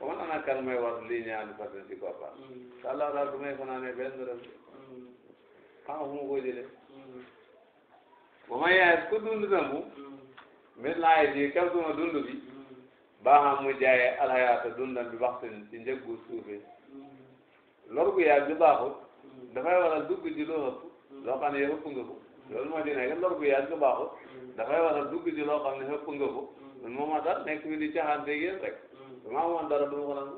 man ana kan may war lii ñaan fasun ci koppar sa allah raadu may fanaane benn rek ah fu mu ko jëlee bu ma yees ku dund na mu mit laay ji kem suma dund bi baa xam mu jaayee alxayaata dundam bi waxtin ci njëg gu suufe lor gu yàgg baaxut dafay waral dugg ci loo xëpp loo xam ne yow xëpp nga ko loolu moo ci nekk lor gu yàgg baaxut dafay waral dugg ci loo xam ne xëpp nga ko man moom a tax nekk fi di caaxaan dégg yéen rek dama amoon dara du ma ko nangu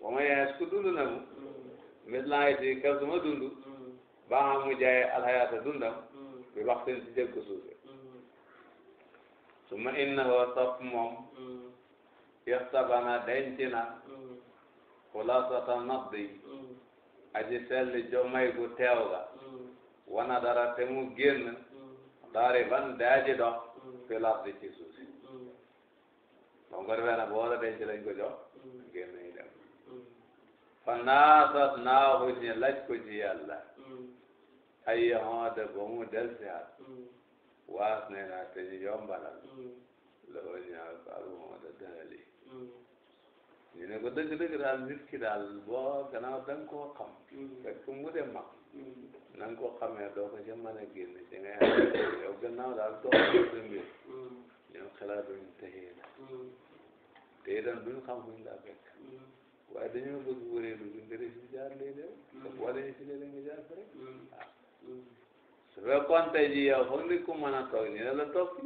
waaw bu ma yees ku dund na mu mit laay ji kem suma dund baax mu jaay alxayaata dundam mm. bi waxtin si jëkk mm. suufe su ma inna hoo topp moom mm. yaxtabana denc na xulaasata nabdi aji selli jomay gu teew ga wana dara te génn daari ban daaji dox fi lardi ci suufe donc ko defee nag boo war a denc lañ ko jox génn yi dem fa naasat naaxu ñi laaj ko ci ay yahoon de ba at waas ne naa te ñu yombalal la ko ñaar ko al moom de dëhali ñu ne ko dëgg dëgg daal nit ki daal boo gannaaw da nga koo xam fekk mu de mag na nga koo xamee doo ko ca mën a nga yow gannaaw daal doo xam sa mbir ñoom xalaatuñ tëyee la te itam duñ xam fuñ la fekk waaye dañoo bëgg wëree lu nga def si jaar lay def wala ñu si lee nga jaar fa rek su fekkoon tey jii yow foog nit ku mën a toog ñu ne la toppi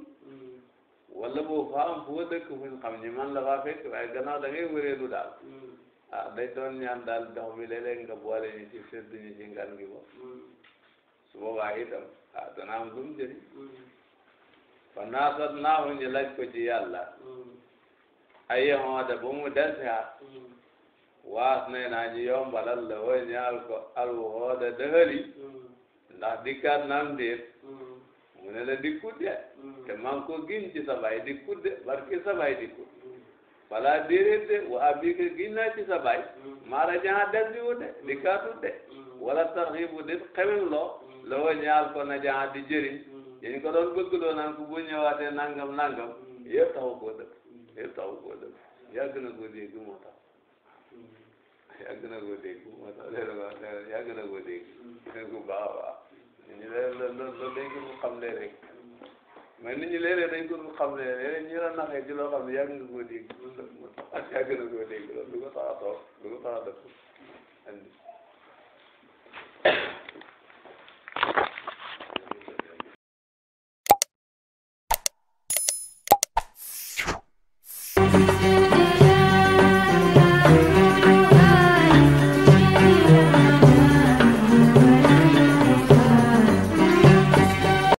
wala boobu faa am fu ma dëkk fu ñu xam ñi man la faa fekk waaye gannaaw da ngay wëreelu daal ah day doon ñaan daal dox bi léeg-léeg nga boole ñu ci séddu ñu ci ngan gi ba su boobaa itam ah dana am lu mu jëriñ fa naasat naahu ñu laaj ko ci yàlla ay yemoode ba mu delsiaat waas nay naa ñu yombalal la woo ñaal ko alwoode dëhëli ndax dikkaat naam déet mm. mu ne la de mm. te man ko giñ ci sa baay dikkut de barki sa baay dikkut wala mm. déedéet de wa abi ka giñ naa ci sa baay maara jaa delliwu de dikkaatut de wala tarxibu de xewen loo loo ñaal ko na jaa di jëriñ yéen ko doon bëgg loo naan ko bu ñëwaatee nangam nangam yëpp taxu koo dëpp yëpp taxu koo dëpp yàgg na koo dégg moo tax yàgg na koo dégg moo tax yàgg na koo dégg dégg [LAUGHS] ñu ne loolu dañ ko dul xamle rek mais nit ñi léeg-léeg dañ ko dul xamle léeg-léeg ñu la naxee ci loo xam ne yàgg nga koo dégg [LAUGHS] yàgg na koo dégg loolu du ko tax a toog du ko tax a dëkk